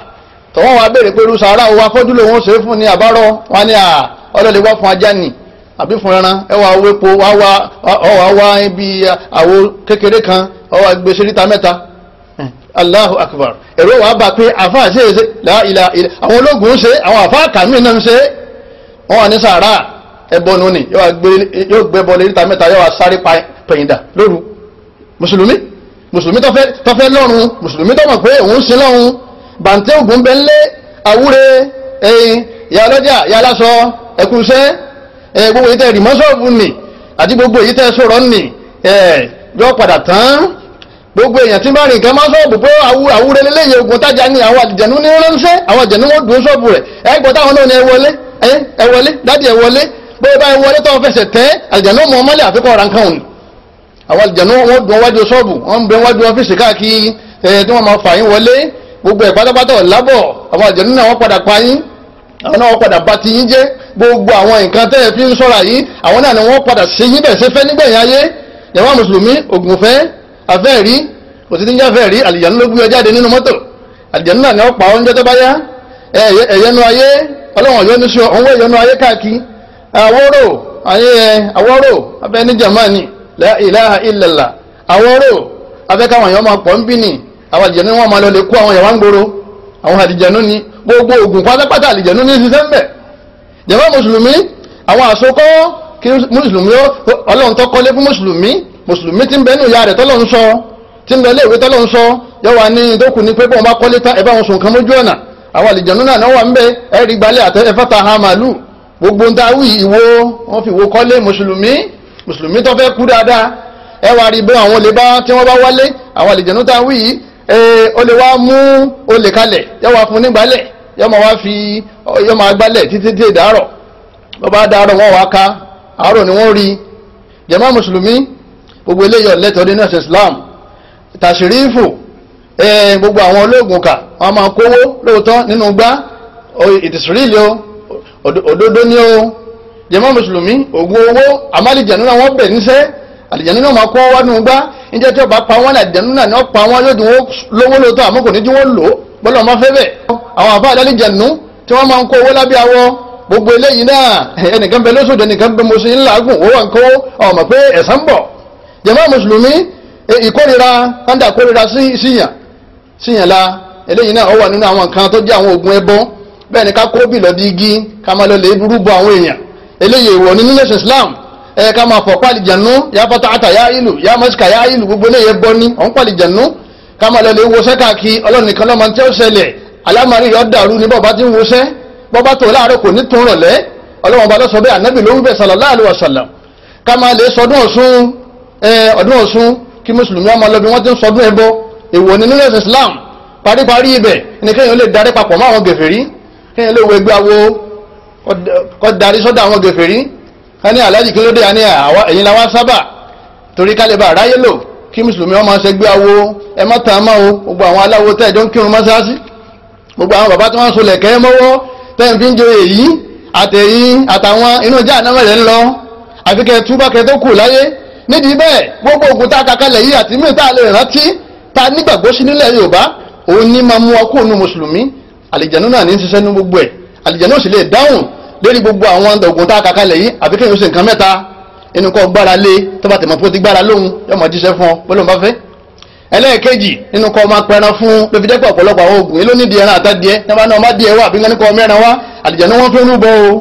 tọwọ́ wa béèrè pé irú sàrà o wa fọ́jú lòun ṣe fún ni àbárọ̀ wọn ni ọlọ́lẹ̀ wá fún ajá ni àbí fún ẹran ẹ wá owó epo wá wá ọ wá wá ibi àwo kékeré kan ọ wá gbèsè e níta mẹ́ta hmm, Allahu Akbar èrò wa bá pé àfa ṣe é ṣe láìla ilẹ̀ àwọn ológun ṣe àwọn àfa kàmí náà ṣe wọn wà ní sàrà ẹbọ nù ni yóò gbé bọlẹ níta mẹ́ta yóò wá sáré pẹ̀yìndà lóru mùsùlùmí mùsùlùmí tó fẹ́ lọ́run mùsùlùmí tó mọ̀ pé òun sin lọ́run bàǹtẹ́ ògùn bẹ́ẹ̀ lé àwúre ẹyin ìyá ọlọ́jà ìyá aláṣọ ẹkùnṣẹ́ gbogbo yìí tẹ́ rìmọ́ ṣọ́ọ̀bù nì àti gbogbo yìí tẹ́ sọ̀rọ̀ nì yọ padà tán gbogbo èèyàn tí bá rìn kan máa ṣọ́ọ̀bù pé àwúre léléyè ogun tájà ni àwọn àjẹnú ní ránṣẹ́ àwọn àjẹnú wọn dùn ṣọ́ọ̀bù rẹ̀ ẹgbọ́n táwọn náà ni ẹ wọlé ẹ wọlé dádì ẹ wọlé bóyá ẹ wọlé tó fẹsẹ̀ tẹ́ àjẹnú mọ́ ọmọlẹ̀ àfikọ́ ra nǹkan òní àwọn àlìjànú wọn dùn wájú ṣọ́ọ̀bù wọn bẹ wájú ọ́fíìsì káàkiri tí wọ́n máa fà yín wọlé gbogbo ẹ̀ pátápátá ọ̀làbọ̀ àwọn àlìjànú náà wọ́n padà pa yín àwọn náà wọ́n padà bà ti yín jẹ́ gbogbo àwọn nǹkan tẹ́ ẹ fi ń sọ́ra yìí àwọn náà ni wọ́n padà ṣe yín bẹ̀ ṣe fẹ́ nígbẹ̀yìn ayé yàrá mùsùlùmí ògùnfẹ́ afẹ́rí òtítí jáfẹ́ rí àlìjànú ló gbé ọ jáde la ilaha illallah àwọn rò afẹ́káwọn èèyàn máa pọ̀ ń bí nì àwọn àlìjẹ̀nú wọn máa lọ lè kó àwọn èèyàn wá ń gbòòrò àwọn ni gbogbo ògùn pátápátá àlìjẹ̀nú ní ṣiṣẹ́ ń bẹ̀ jẹ̀mọ́ mùsùlùmí àwọn àsokọ́ kí mùsùlùmí ọlọ́run tó kọ́lé fún mùsùlùmí mùsùlùmí ti ń rẹ̀ tọ́lọ́run sọ ń ìwé tọ́lọ́run sọ mùsùlùmí tó fẹ́ kú dáadáa ẹ wá rí bó àwọn olè bá tí wọ́n bá wálé àwọn àlejànú tá a wí yìí ó lè wá mú olè kalẹ̀ yóò wá fún nígbàlẹ̀ yóò máa wá fi yóò máa gbálẹ̀ títí tí ìdárọ̀ bàbá dárọ̀ wọ́n wá ká àárọ̀ ni wọ́n rí jàmá mùsùlùmí gbogbo eléyọ̀ lẹ́tọ̀ọ́ nínú ẹ̀sìn Islam tàṣírífù gbogbo àwọn olóògùn kà wọ́n máa kówó lóòótọ́ nínú gbá ìtìsírí ilé o òdodo ni jẹmọ́ mùsùlùmí ògùn owó àmọ́ àlìjẹ̀nu náà wọ́n bẹ̀ níṣẹ́ àlìjẹ̀nu náà máa kó wọ́n nù gbá níjẹ́ tí ó bá pa wọ́n ní àlìjẹ̀nu náà ni ó pa wọ́n lójú wọn lówó lóòótọ́ àmọ́ kò ní jí wọ́n lò ó bọ́lá ọmọ fẹ́ bẹ̀. àwọn àbá àlìjẹ̀nu tí wọ́n máa ń kó owó lábẹ́ awọ gbogbo eléyìí náà ẹnìkan bẹ lóṣòdì ẹnìkan bẹ mọṣẹ ńláàgùn owó àǹkó ọmọ pé ẹ̀san bọ̀ jẹmọ́ mùsùlùmí e, ìkórira kọ́ńdà la eléyìí náà ó wà nínú àwọn nǹkan tó jẹ́ àwọn oògùn ẹbọ bẹ́ẹ̀ ni ká eléyìí ìwọ ní nílẹ̀ islam ẹ ká máa fọ̀ pàlìjànú yá fata ata yá ìlú yá mọ́síkà yá ìlú gbogbo eléyìí bọ́ ní ọ̀hún pàlìjànú ká máa lọlé wọṣẹ́ káàkiri ọlọ́run nìkan lọ́mọ tí ó ṣẹlẹ̀ alámàrí yọ dàrú ní bọ́ọ̀bá tí ń wọṣẹ́ bọ́ọ̀bá tó láàárọ̀ kò ní tún rọ̀lẹ́ ọlọ́run ọba lọ́sọ bẹ́ẹ̀ ànábì ló ń bẹ̀ sallallahu alaihi wasallam ká máa lè sọdún ọ̀ṣun ọdún ọ̀ṣun kí mùsùlùmí ọmọ lọ́bí wọ́n ti ń islam paríparí ibẹ̀ nìkan yóò lè darí papọ̀ mọ́ àwọn gèfèrí kéèyàn kọ́ darí sọ́dọ̀ àwọn gèfèrí ká ní aláàjì kí ló dé àní ẹ̀yìn làwọn sábà torí kálíbà ráyé lò kí mùsùlùmí ọmọ ṣẹgbẹ́ awo ẹ má tàn mọ́ o gbogbo àwọn aláwo tẹ́ ẹ̀jọ́ ń kírun mọ́ṣáláṣí gbogbo àwọn bàbá tí wọ́n ń solẹ̀ kẹ́ mọ́wọ́ tẹ́ ń fi ń joyè yìí àtẹ̀yìn àtàwọn inú ìjà àdámọ̀ rẹ̀ ń lọ àfi kẹ́ túbákẹ́ tó kù láyé nídìí bẹ́ẹ̀ gbogbo ògùn tá a kakalẹ̀ yìí àti mí tá a lè rántí tá a nígbàgbọ́ sí nílẹ̀ Yorùbá òun ní máa mú ọkùnrin mùsùlùmí àlìjẹ̀nú náà ní ń ṣiṣẹ́ ní gbogbo ẹ̀ àlìjẹ̀nú ò sì lè dáhùn lórí gbogbo àwọn ọ̀gùn tá a kà kalẹ̀ yìí àbí kéèyàn ó ṣe nǹkan mẹ́ta inú kọ́ gbára lé tó bá tẹ̀mọ́ fún ti gbára lóhun yóò mọ̀ jíṣẹ́ fún ọ bọ́lá òun bá fẹ́ ẹlẹ́ẹ̀kejì nínú kọ́ máa pẹran fún pẹ̀fìdẹ́pọ̀ ọ̀pọ̀lọpọ̀ àwọn oògùn ilé onídìí ẹran àtàdìẹ nígbà náà ọmọ díẹ̀ wà àbí nǹkan kọ́ mẹ́ran wá àlìjẹ́ ni wọ́n fi ń rúbọ o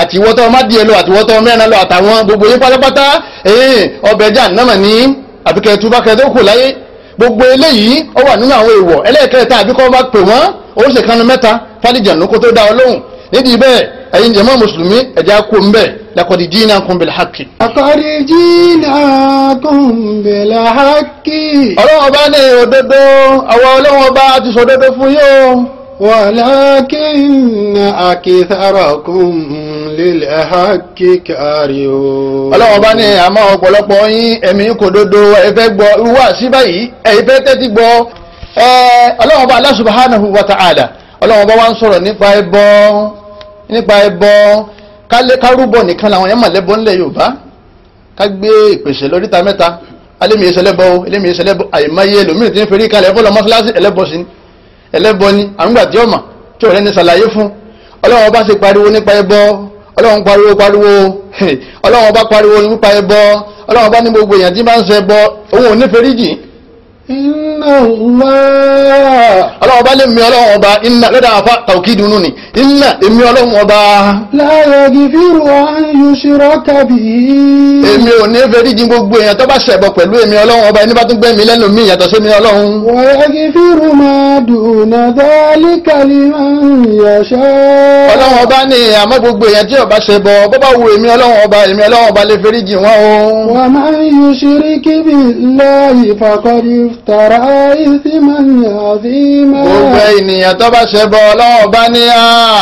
àti ìwọ́tọ́ ọmọ díẹ̀ lọ àti ìwọ́tọ́ mẹ́ran lọ àtàwọn gbogbo yín pátápátá ẹ̀yìn ọbẹ̀ jà náà ní àbíkẹ́ túbákẹ́ tó kù láyé gbogbo eléyìí ó wà nínú àwọn èèwọ̀ ẹlẹ́ẹ̀kẹta àbíkọ́ bá pè wọ́n ó ṣèkánu mẹ́ta fálìjẹ̀nù kó tó dá ọ lóhùn nídìí bẹ́ẹ̀ ẹ̀yin jẹ̀mọ́ mùsùlùmí ẹ̀jẹ̀ kó ń bẹ̀ lakọ̀dì jìnnà kún bẹ̀lẹ̀ hakì. lakọ̀dì jìnnà kún bẹ̀lẹ̀ hakì. ọlọ́wọ́ bá ní òdodo àwọn ọlọ́wọ́ bá ti sọ òdodo fún yóò. wàlákìn akitharakun lílẹ̀ hakì kárí o. ọlọ́wọ́ bá ní àmọ́ ọ̀pọ̀lọpọ̀ yín ẹ̀mí kò dodo ẹ gbọ́ irú wà sí ọlọ́run bá wá ń sọ̀rọ̀ nípa ẹbọ nípa ẹbọ kárúbọ̀ nìkan làwọn yẹn mọ̀lẹ́bọ ńlẹ̀ yorùbá ká gbé ìpèsè lóríta mẹ́ta alémi ìṣẹlẹ́bọ elémi ìṣẹlẹ́bọ àìmáyé ẹlòmíràn tí ń ferí kalẹ̀ ẹbọ lọ mọ́ṣáláṣí ẹlẹ́bọ sí ẹlẹ́bọ ni àmúgbà tí ọmọ tí ọ̀rẹ́ ni ṣàlàyé fún ọlọ́run bá ṣe pariwo nípa ẹbọ ọlọ́run pariwo pariwo ọlọ́run bá pariwo nípa ẹbọ ọlọ́run bá ní gbogbo èèyàn tí bá ń ṣẹbọ òun ò ní feríjì Inna wá. ọlọ́run ọba lè mi ọlọ́run ọba iná lọ́dà àfa tàwùkì dunu ni iná èmi ọlọ́run ọba. láyọ̀ gífìrù ayù ṣirọ́ kàbí. èmi ò ní fẹ́ díjì gbogbo èèyàn tó bá ṣẹ̀bọ̀ pẹ̀lú èmi ọlọ́run ọba ẹni bá tún gbẹ̀mí lẹ́nu mi ìyàtọ̀ sí mi ọlọ́run. wọ́n gífìrù máa dùn àdáálí kàlí àyàṣá. ọlọ́run ọba ni àmọ́ gbogbo èèyàn máa ń yù ṣirí افترى إثما عظيما. gbogbo ènìyàn tó bá ṣe bọ ọlọ́wọ́ bá ní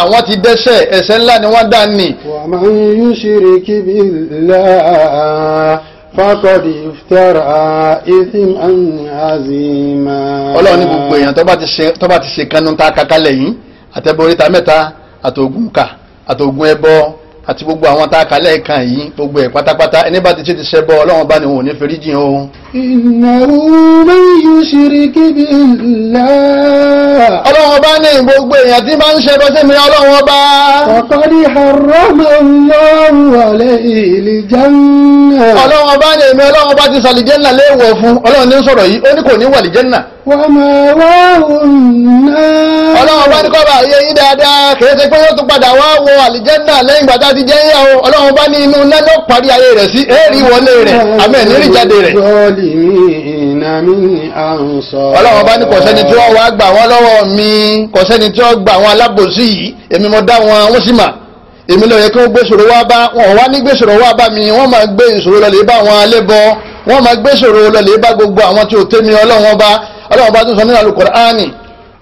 àwọn ti dẹ́ṣẹ̀ ẹ̀ṣẹ̀ ńlá ni wọ́n dá ní. ومن يشرك بالله faqad iftara ithman azima. ọlọ́run ní gbogbo èèyàn tó bá ti ṣe kánú ta kakalẹ̀ yìí àtẹ̀bọ̀ oríta mẹ́ta àtògùn kà àtògùn ẹbọ àti gbogbo àwọn tá a kalẹ̀ kan yìí gbogbo ẹ̀ pátápátá ẹni bá ti ṣe ti ṣẹbọ ọlọ́run bá ní òun ò ní foríjìn o. innahu man yushrik billah ọlọ́run ọba ní gbogbo èèyàn tí ma ń ṣe bọ́ sí mi ọlọ́run ọba. ọ̀kọ́rí harama ọlọ́run ọ̀lẹ́ ìlì jẹ́nà. ọlọ́run ọba ní èmi ọlọ́run ọba ti sàlì léèwọ̀ fún ọlọ́run ní sọ̀rọ̀ yìí ó ní kò ní wọ́n máa náà. ọlọ́run ọba ní kọ́ bá yẹ yín dáadáa pé yóò tún padà wá àlìjẹ́nà lẹ́yìn gbàtà ti jẹ́ yíyá o ọlọ́run ọba ní lana min ansar. ọlọ́wọ́n bá ní kò sẹ́ni tí wọ́n wá gbà wọ́n lọ́wọ́ mi kò sẹ́ni tí wọ́n gbà wọ́n alábòsí yìí èmi mo dá wọn wọ́n sì mà èmi ló yẹ kí wọ́n gbé ìṣòro wá bá wọn wá ní gbé ìṣòro wá bá mi wọ́n máa gbé ìṣòro lọ lè bá wọn alẹ́ bọ wọ́n máa gbé ìṣòro lọ lè bá gbogbo àwọn tí ò tẹ́ ọlọ́wọ́n bá ọlọ́wọ́n bá tún sọ nínú Al-Qur'ani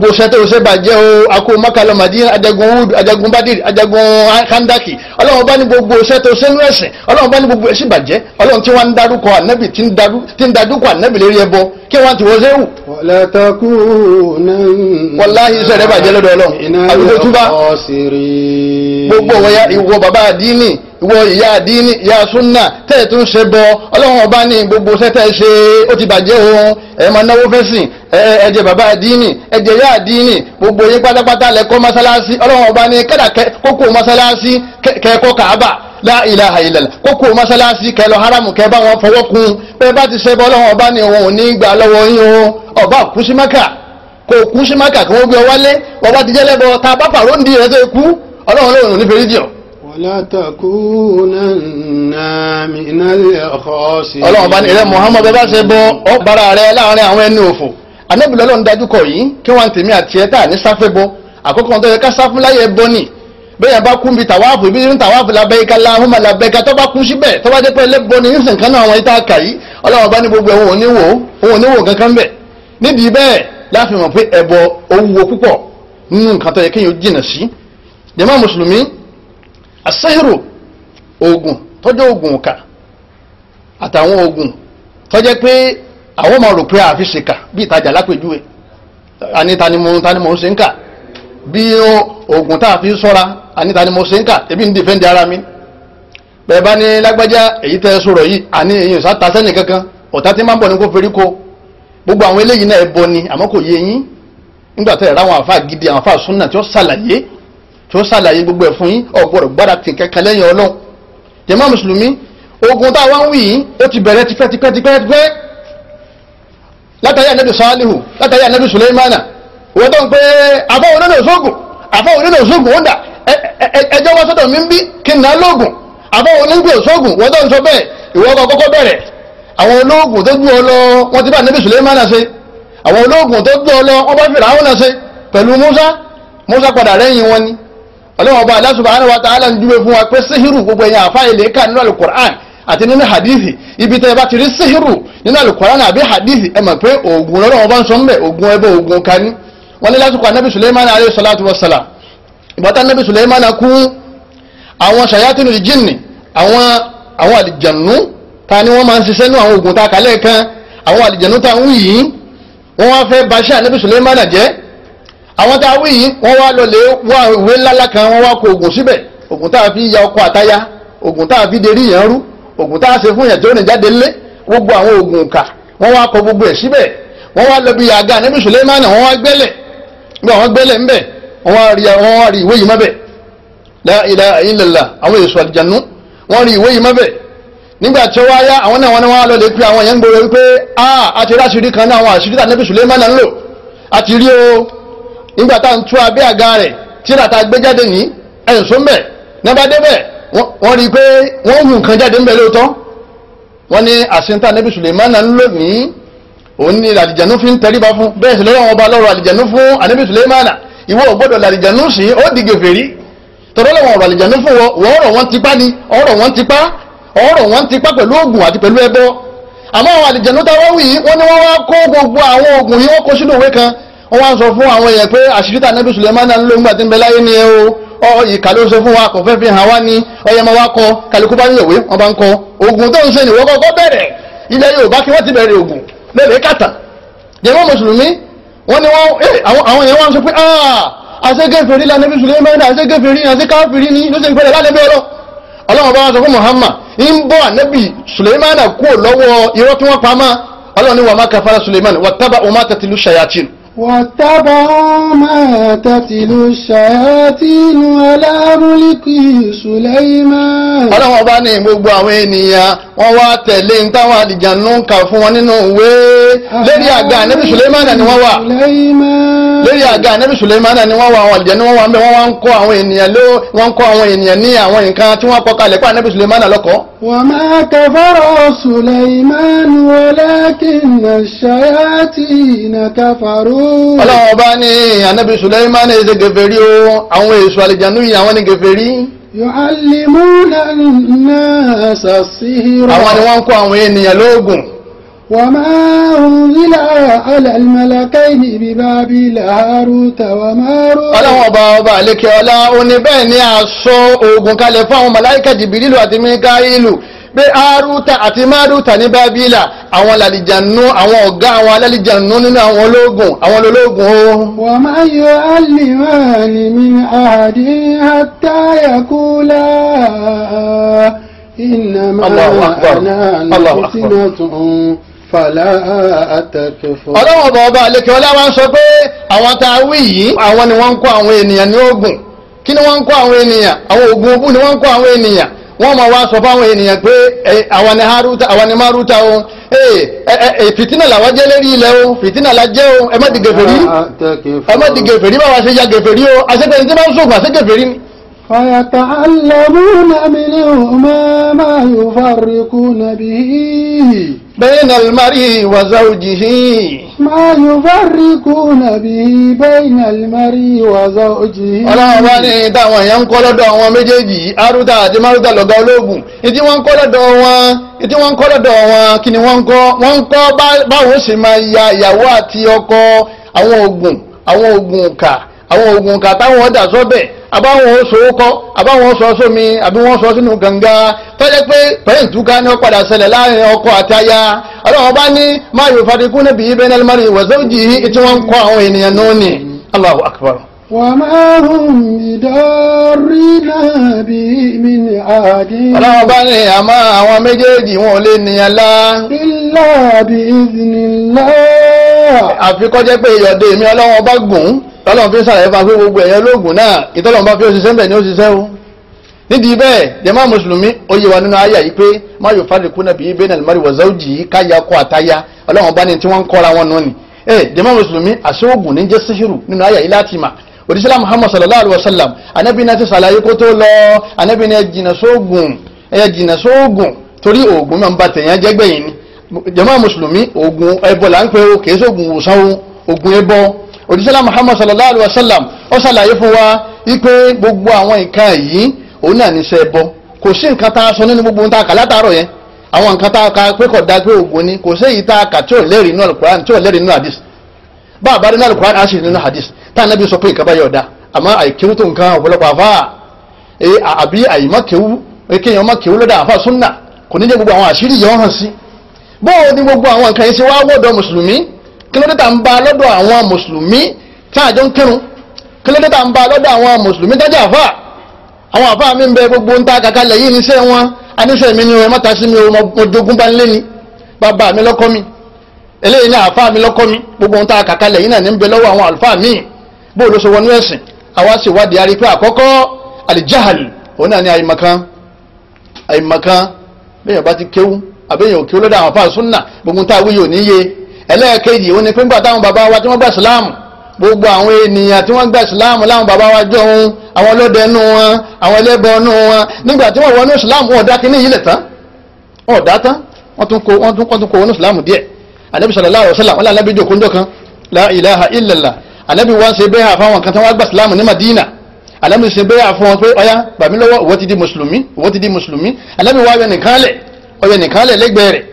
gbogbo sẹ́tò ṣe bàjẹ́ o akó makala madina ajagun wood ajagun badir ajagun handaki ọlọ́run bá ní gbogbo sẹ́tò sẹ́nu ẹ̀sìn ọlọ́run bá ní gbogbo ẹ̀sìn bàjẹ́ ọlọ́run tí wọ́n ń darúkọ ànábì tí ń darúkọ ànábì lérí ẹbọ kí wọ́n ti wọ́n séwù. wàláhì iṣẹ́ rẹ̀ bàjẹ́ lọ́dọ̀ ọlọ́run àbúrò túbá gbogbo ọ̀yà ìwọ bàbá àdínì ìwọ ìyá àdínì ìyá súnà tẹ́ẹ̀ tún ṣe bọ ọlọ́run ọba ní gbogbo sẹ́tẹ̀ ṣe ó ti bàjẹ́ òun ẹ̀ máa náwó fẹ́sìn ẹ̀jẹ̀ bàbá àdínì ẹ̀jẹ̀ ìyá àdínì gbogbo yín pátápátá lẹ́kọ́ mọ́sálásí ọlọ́run ọba ní kẹ́dà kókó mọ́sálásí kẹ́ẹ̀kọ́ kàábà la ilaha illallah kókó mọ́sálásí kẹlọ haramu kẹ bá wọn fọwọ́ kun pé bá ti ṣe bọ́lọ́wọ́n ọba ni òun ò ní gbà lọ́wọ́ yín o ọba kú sí mẹ́kà kò kú sí mẹ́kà kí wọ́n gbé ọ wálé ọba ti jẹ́lẹ́bọ ta bá pàrọ̀ ń di rẹ̀ tó kú ọlọ́run lóòrùn ní fèrè díọ̀. wala takunanna minal khasirin. ọlọ́run ọba ni ìrẹ́ Muhammad bá ṣe bọ ọ̀bára rẹ láàrin àwọn ẹni òfò anábìlọ́lọ́run dájú kọ yìí kí wọ́n tèmi àti ẹ̀ tá à ní sáfẹ́ bọ àkókò tó yẹ ká sáfúnláyẹ bọ́ ni bẹ́ẹ̀ bá kún bí tàwáàfù ibi ní tàwáàfù labẹ́yíká láhùnmá labẹ́yíká tó bá kún síbẹ̀ tó bá jẹ́ pé ẹlẹ́bọ ni nísìn kan náà àwọn ìta kà yìí ọlọ́wọ́n bá ní gbogbo ẹ̀wọ̀n oníwò òun oníwò kankan bẹ̀ nídìí bẹ́ẹ̀ láfi mọ̀ pé ẹbọ owó púpọ̀ nínú nǹkan tó yẹ kéèyàn jìnà sí. jàmá mùsùlùmí àṣẹ́yìrò oògùn tọ́jú oògùn ọ̀kà àtàwọn oògùn tó jẹ́ pé àwọn ọmọ rò pé àfi ṣèkà bí ìtajà lápèjúwe àní tanimọ̀ tanimọ̀ ń ṣe ń kà bí oògùn tá a fi sọ́ra àníta ni mo ṣe ń kà ebi ń dìfẹ́ǹdì ara mi bẹ́ẹ̀ bá ní lágbájá èyí tẹ́ ẹ sọ̀rọ̀ yìí àní èyàn sáta sẹ́nì kankan ọ̀tá tí máa ń bọ̀ ní kó ferí ko gbogbo àwọn eléyìí náà ẹ bọ ni àmọ́ kò yé yín nígbà tẹ́ ẹ̀ ráwọn àfa gidi àwọn àfa súnà tí ó ṣàlàyé tí ó ṣàlàyé gbogbo ẹ̀ fún yín ọ̀gbọ̀rọ̀ gbára tì kankan lẹ́yìn ọlọ́run jàmá mùsùlùmí ogun tá a wá ń wí yìí ó ti bẹ̀rẹ̀ tipẹ́tipẹ́tipẹ́ látàrí ànábì salihu látàrí ànábì sulaimana wọ́n tó ń pé àfáwọn onílò sóògùn àfáwọn onílò sóògùn ó dà ẹjọ́ wọ́n sọ́dọ̀ mi ń bí kí n ná lóògùn àfáwọn onílò sóògùn wọ́n ń sọ bẹ́ẹ̀ ìwọ́ ọkọ̀ kọ́kọ́ bẹ̀rẹ̀ àwọn olóògùn tó gbú ọ lọ wọ́n ti bá níbi Suleiman ṣe àwọn olóògùn tó gbú ọ lọ wọ́n bá fìrà áwọn ṣe pẹ̀lú Musa Musa padà wọn ni ọlọ́wọ́n hadithi ibi tẹ́ bá ti rí nínú hadithi mọ̀ pé oògùn bá ń sọ wọ́n ní lásìkò anabi suleiman alayhi salatu wa salam ìgbàtà anabi suleiman kú àwọn sayatinu jinni àwọn àwọn àlìjànú ta ni wọ́n máa ń ṣiṣẹ́ nú àwọn oògùn ta kálẹ̀ kan àwọn àlìjànú ta ń wí yìí wọ́n wá fẹ́ baṣẹ́ anabi suleiman jẹ́ àwọn tá a wí yìí wọ́n wá lọ wá ìwé ńláńlá kan wọ́n wá kó oògùn síbẹ̀ oògùn tá fi ya ọkọ àtayá oògùn tá a fi derí yẹn rú oògùn tá a ṣe fún yẹn tí ní jáde lé gbogbo àwọn oògùn kà wọ́n wá kọ gbogbo ẹ̀ síbẹ̀ wọ́n wá lọ bí yàgá anabi suleiman wọ́n wá gbẹ́lẹ̀ nígbà wọn gbẹ́lẹ̀ ń bẹ̀ wọ́n wá rí wọ́n rí ìwé yìí mọ́bẹ̀ la ilaha illallah àwọn èso àlìjánu wọ́n rí ìwé yìí mọ́bẹ̀ nígbà tí wọ́n yá àwọn náà wọ́n wá lọ lè pe àwọn yẹn ń gbòòrò wípé a àti rí àṣírí kan náà àwọn àṣírí tà níbi Suleiman ń lò àti rí o nígbà tá à ń tú abẹ́ àga rẹ̀ tíra tá a gbé jáde ní ẹ̀sùn ń bẹ̀ nígbà débẹ̀ wọ́n rí i pé wọ́n hùn kan jáde ń bẹ̀ lóòótọ́ wọ́n ní àṣírí tà níbi Suleiman ń lò ní òun ni làlìjànú fi ń tẹríba fún bẹ́ẹ̀ sì lọ́wọ́ ọba lọ́rọ̀ àlìjànú fún ànábì Sùlẹ́mánà ìwọ ò gbọ́dọ̀ làlìjànú sí ó di gèfèrí tọ́lọ́ lọ́wọ́ ọ̀rọ̀ àlìjànú fún wọ ọ̀rọ̀ wọn tipá ni ọ̀rọ̀ wọn tipá ọ̀rọ̀ wọn tipá pẹ̀lú oògùn àti pẹ̀lú ẹbọ àmọ́ àwọn àlìjànú táwọn wì í wọ́n ní wọ́n wá kó gbogbo àwọn oògùn yìí wọ́n kó sínú òwe kan wọ́n wá sọ fún àwọn èèyàn pé àṣírí ni ẹ o ọ ìkà ló ilẹ̀ Yorùbá kí wọ́n ti bẹ̀rẹ̀ oògùn lẹ́lẹ̀ kàtà jẹ́mọ́ mùsùlùmí wọ́n ni eh, àwọn èèyàn wọ́n sọ pé ah, àṣẹ́gẹ́fẹ̀rí lánàbí Sùlẹ́mánì àṣẹ́gẹ́fẹ̀rí àṣẹ́káfẹ̀rí ni ló ṣe ń pẹ̀lẹ̀ lánàbí ọlọ́ ọlọ́wọ́ bá wọn sọ fún Muhammad ń bọ́ ànábì Sùlẹ́mánì kúrò lọ́wọ́ irọ́ tí wọ́n pa máa ọlọ́ni wà má kàfàrà ya واتبعوا ما تتلو الشياطين على ملك سليمان. ọlọ́wọ́n bá ní gbogbo àwọn ènìyàn wọ́n wá tẹ̀lé ń táwọn àdìjànú kà fún wọn nínú ìwé lórí àga ànábì Suleiman ni lórí àga anabi suleimana ni wọ́n wà àwọn àlùjẹ ni wọ́n wà ń bẹ wọ́n wá ń kọ́ àwọn ènìyàn ló wọ́n ń kọ́ àwọn ènìyàn ní àwọn nǹkan tí wọ́n kọ́ kalẹ̀ pé anabi suleimana lọ́kọ́. wa ma kafara suleiman walakinna shayatina kafaru. ọlọ́wọ́n bá ní anabi suleimana ẹ̀ṣẹ̀ gẹ̀fẹ̀rí o àwọn èso àlùjẹ̀nu yìí àwọn ni gẹ̀fẹ̀rí. yu'allimuna an وما أنزل على الملكين بباب هاروت وماروت ọlọ́run ọba ọba àlékè ọlá òní bẹ́ẹ̀ ni a sọ oògùn kalẹ̀ fún àwọn màláíkà jìbìrìlù àti mẹ́káìlù pé haruta àti maruta ní bábílà àwọn làlìjànú àwọn ọ̀gá àwọn alálìjànú nínú àwọn ológun àwọn ológun o. wà á máa yọ alìmọ́ọ̀nì mi àdí àtàyàkúlá ìnàmọ́ àná àná fìtínà tún. ọlọ́wọ́n ọba ọba àlekè ọlá ń sọ pé àwọn tá a wí yìí ni wọ́n ń kó àwọn ènìyàn ní ogun kí ni wọ́n ń kó àwọn ènìyàn àwọn ogun ni wọ́n ń kó àwọn ènìyàn wọ́n máa wá sọ ènìyàn pé àwọn ni haruta àwọn ni maruta o ee la jẹ́ o ẹ má فيتعلمون منهما ما يفرقون به بين المرء وزوجه ما يفرقون به بين المرء وزوجه ọlọ́run bá ní ìdáwọn èèyàn ń kọ́ lọ́dọ̀ àwọn méjèèjì arúdà àti márúdà lọ́gá ológun ìdí wọ́n ń kọ́ lọ́dọ̀ wọn ìdí wọ́n ń kọ́ lọ́dọ̀ wọn kí ni wọ́n ń kọ́ wọ́n ń kọ́ báwo ṣe máa ya ìyàwó àti ọkọ àwọn oògùn àwọn oògùn kà àwọn oògùn kà táwọn ọ̀dà sọ́bẹ̀ àbáwọn sòókọ́ àbáwọn sọ sómi àbí wọ́n sọ sínú gànga tọ́jẹ́ pé pẹ̀lú túká ni ó padà ṣẹlẹ̀ láàrin ọkọ àti aya ọlọ́wọ́n bá ní máa yóò níbi ibẹ̀ náà mari wẹ̀sẹ̀ jì í tí wọ́n ń kọ́ àwọn ènìyàn náà ni Allahu akbar. وما هم بدارين به من أحد ọlọ́run bá ní àmọ́ àwọn méjèèjì wọn ò lè nìyàn lá. إلا بإذن الله. àfi kó jẹ́ pé ìyọ̀dẹ̀ mi ọlọ́run bá gùn. tọ́lọ́n fi ń sàlàyé fún agbégbogbo ẹ̀yẹ lóògùn náà ìtọ́lọ́n bá fi ó ṣiṣẹ́ ń ó ṣiṣẹ́ o nídìí bẹ́ẹ̀ jẹ́mọ́ mùsùlùmí ó wa nínú àyà yìí pé má kúnà bíi bẹ́ẹ̀ nàìjíríà wọ̀ zọ́ọ̀jì yìí káyà ọkọ̀ àtayá ọlọ́run bá ní tí wọ́n ń kọ́ra wọn nù ni. ẹ jẹ́mọ́ mùsùlùmí àṣọ́ọ̀gùn ní jẹ́ síhìrù nínú àyà yìí láti mà òdìsílá muhammad alayhi wa sallam òjíṣẹ́lá muhammad sallallahu alayhi wa sallam ó ṣàlàyé fún wa wípé gbogbo àwọn nǹkan yìí òun náà ní sẹ́ bọ́ kò sí nǹkan tá a sọ nínú gbogbo ohun tá a kà látàárọ̀ yẹn àwọn nǹkan tá a kà pé kò dáa pé ògùn ni kò sí èyí tá a kà tí ò lẹ́rìí nínú alukur'an tí ò lẹ́rìí nínú hadith bá a bá rí nínú alukur'an a sì nínú hadith tá a nábì sọ pé nǹkan bá yọ̀ ọ̀dà àmọ́ àìkéwú tó nǹkan ọ̀pọ̀lọpọ̀ àfa àbí àìmọ́kéwú kéèyàn mọ́kéwú lọ́dà àfa sunna kò ní jẹ́ gbogbo àwọn àṣírí yẹn hàn sí bóò ni gbogbo àwọn nǹkan yẹn ṣe wá kílódé tá ń ba lọ́dọ̀ àwọn mùsùlùmí tí àjọ ń kírun kílódé tá ń ba lọ́dọ̀ àwọn mùsùlùmí tọ́jú àfà àwọn àfà mi ń bẹ gbogbo ń ta kàkálẹ̀ yìí níṣẹ́ wọn aníṣẹ́ mi ni ẹ mọ́ta sí mi mo bá ń lé ni bàbá mi lọ́kọ́ ní àfà gbogbo ń ta yìí náà ní ń bẹ lọ́wọ́ àwọn àlùfà mi bó ẹ̀sìn àwa ní ẹlẹ́ẹ̀kejì òun ni pé nígbà táwọn bàbá wa tí wọ́n gba ìsìláàmù gbogbo àwọn ènìyàn tí wọ́n gba ìsìláàmù láwọn bàbá wa jọ òun àwọn ọlọ́dẹ nù wọn àwọn ẹlẹ́bọ nù wọn nígbà tí wọ́n wọnú ìsìláàmù wọn ò dá kínní yìí lẹ̀ tán wọn ò dá tán wọ́n tún kó wọ́n tún kó wọnú ìsìláàmù díẹ̀ ànábì sallallahu alaihi wasallam wọn lé ànábì jòkó ńjọ́ kan la ilaha illallah ànábì wọn ṣe bẹ́ẹ̀ àfáwọn kan tí wọ́n gba ìsìláàmù ní Madina ànábì ṣe bẹ́ẹ̀ àfọwọn pé ọyá bàmí lọ́wọ́ ìwọ ti di mùsùlùmí ìwọ ti di mùsùlùmí ànábì wọn ọyọ nìkan lẹ̀ ọyọ nìkan lẹ̀ lẹ́gbẹ̀ẹ́ rẹ̀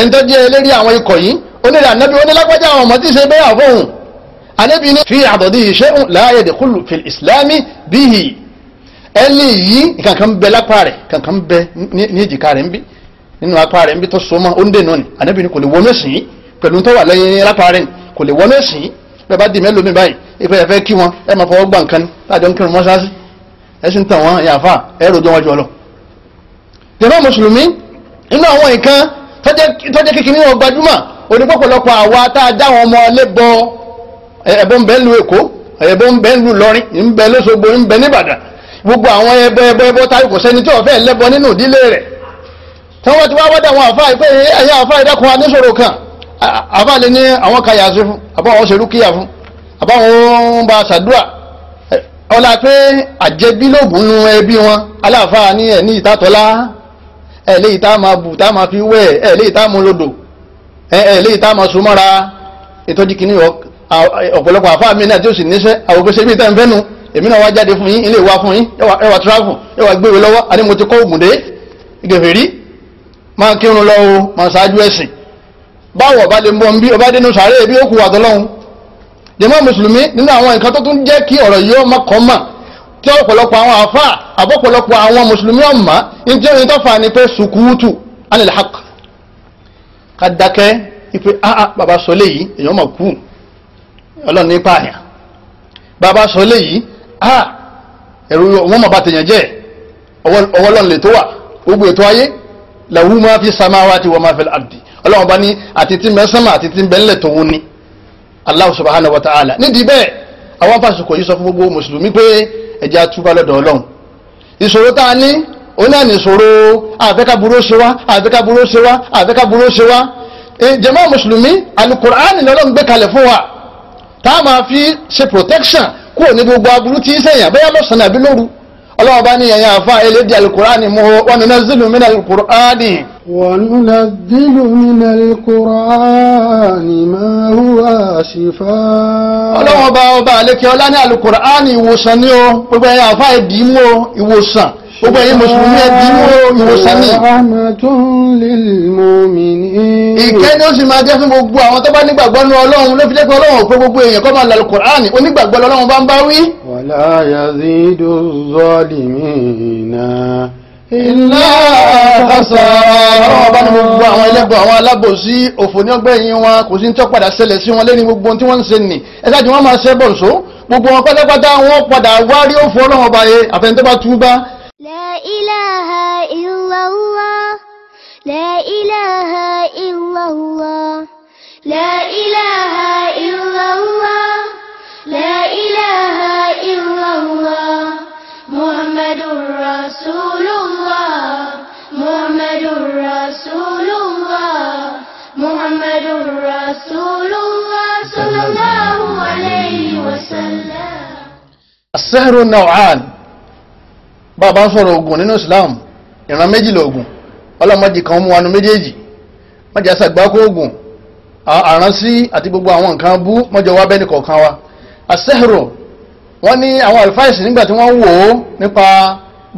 ẹni tó jẹ́ eléré àwọn ikọ̀ yìí onílẹ̀ ànábi onílágbájá àwọn ọmọ tí ń ṣe bẹ́yà fóun ànábi ní fi àbọ̀dí ṣéun láàyè dẹ̀kúlù fil ìsìlámì bíhì ẹni yìí kankan bẹ lápá rẹ̀ kankan bẹ ní èjìká rẹ̀ ń bí nínú apá rẹ̀ ń bí tó so mọ́ ó ń dènà ni ànábi ní kò lè wọnú ẹ̀sìn yìí pẹ̀lú tó wà lẹ́yìn lápá rẹ̀ kò lè wọnú ẹ̀sìn yìí bẹ́ẹ̀ bá dì mẹ́lòmí báyìí ìfẹ́ ẹ̀fẹ́ kí wọn ẹ̀ máa fọwọ́ gbà nǹkan tọ́jẹ́ kékeré wọn gbajúmọ̀ onípọ̀pọ̀lọpọ̀ àwa tá a dáwọn ọmọ ilé bọ ẹ̀bọ ń bẹ ń lu Èkó ẹ̀bọ ń bẹ ń lu Lọrin ń bẹ lóṣogbo ń bẹ nìbàdàn gbogbo àwọn ẹbọ ẹbọ ẹbọ tá kò sẹ́ni tí ọ̀fẹ́ lẹ́bọ nínú ìdílé rẹ̀ tí wọ́n ti wá wọ́dà àwọn àfáà pé ẹ̀yà àfáà ìdákun aníṣòro kan àfáà lè ní àwọn kayà sí fún àbáwọn ṣe rúkìyà fún àbáwọn ń ba ṣàdúrà ọlá pé àjẹbí lògùn nu ẹbí wọn aláàfáà ní ẹ̀ ní ìtàtọ́lá ẹ léyìí tá a máa bù tá a máa fi wẹ̀ ẹ léyìí tá a mú lodò ẹ ẹ léyìí tá a máa so mọ́ra ìtọ́jú kìíní ọ̀pọ̀lọpọ̀ àfáà mi náà tí ó sì níṣẹ́ àwògbèsè bíi tẹ́ǹfẹ́ nu èmi náà wá jáde fún yín ilé ìwà fún yín ẹ wà travel ẹ wà gbéwèé lọ́wọ́ àní mo ti kọ́ ògùn dé rí máa kírun lọ o máa ṣáájú ẹ̀sìn báwo ọba lè mọ bí ọba dénú sàárè bí ó kù wà tọ́lọ́hún jẹ́mọ́ mùsùlùmí nínú àwọn nǹkan tó tún jẹ́ kí ọ̀rọ̀ yìí tí ọ̀pọ̀lọpọ̀ àwọn àfà àbọ̀pọ̀lọpọ̀ àwọn mùsùlùmí ọ̀mà ní tí ó ní tọ́fà ni pé sùkúùtù anil haq kàdákẹ́ ipe ah, ah bàbá sọ léyìí èèyàn mà kú ọlọ́run nípa àyà bàbá sọ léyìí ah ẹ̀rù wọn mà bá tèèyàn jẹ́ ọwọ́ lè tó wà gbogbo ètò ayé làwù máa fi samawati wa máa fi àbdì ọlọ́run bá ní àti tí mẹ́sánmà àti tí bẹ́ńlẹ̀ tòun ni Allah subhanahu wa ta'ala nídìí bẹ́ẹ̀ àwọn fàṣùkò yìí sọ fún gbogbo mùsùlùmí pé ẹja túbà lọ́dọ̀ ọlọ́run ìṣòro tá a ní òun náà ní ìṣòro àfẹ́kàbúrò ṣe wá àfẹ́kàbúrò ṣe wá àfẹ́kàbúrò ṣe wá e, jàmáà mùsùlùmí alukur'ani ni ọlọ́run gbé kalẹ̀ fún wa tá máa fi ṣe protection kúrò ní gbogbo aburú tí ń ṣèyàn bẹ́ẹ̀ lọ́sàn-án àbí lóru ọlọ́wọ́ bá ní ẹ̀yìn àfa elédè alukurani mú wa nunazzilu min alukurani. wa nunazzilu min alukurani ma huwa shifaa. ọlọ́wọ́ bá ọba àlékè ọlá ní alukurani ìwòsàn ni ó gbogbo ẹ̀yìn àfa ẹ̀dì mú ìwòsàn gbogbo ẹ̀yin mùsùlùmí ẹbí mú ìwòsàn ní. ìkẹ́ ni ó sì máa jẹ́ fún gbogbo àwọn tó bá nígbàgbọ́ ní ọlọ́run ló fi jẹ́ pé ọlọ́run pé لا يزيد الظالمين إلا خسارا ọba ni gbogbo àwọn ẹlẹ́gbọ̀n àwọn alábòsí òfò ní ọgbẹ̀yìn wọn kò sí ní tó padà ṣẹlẹ̀ sí wọn lẹ́ni gbogbo tí wọ́n ń ṣe nì ẹ̀sà tí wọ́n máa ṣẹ́ bọ̀nṣó gbogbo wọn pátápátá wọn padà wárí òfò ọlọ́run ọba yẹ àfẹnitẹ́ bá tú bá. La ilaha illallah La ilaha illallah La ilaha illallah. رسول الله محمد bàbá ń ogun nínú islam ìran méjì lóògùn ọlọ́mọdé kan mú wanu méjèèjì mọ́jà ogun àránsí àti gbogbo àwọn nǹkan bú mọ́jọ wá bẹ́ẹ̀ nìkọ̀ọ̀kan wa àsẹ́rò wọ́n ní àwọn àlùfáìsì nígbà tí wọ́n wò ó nípa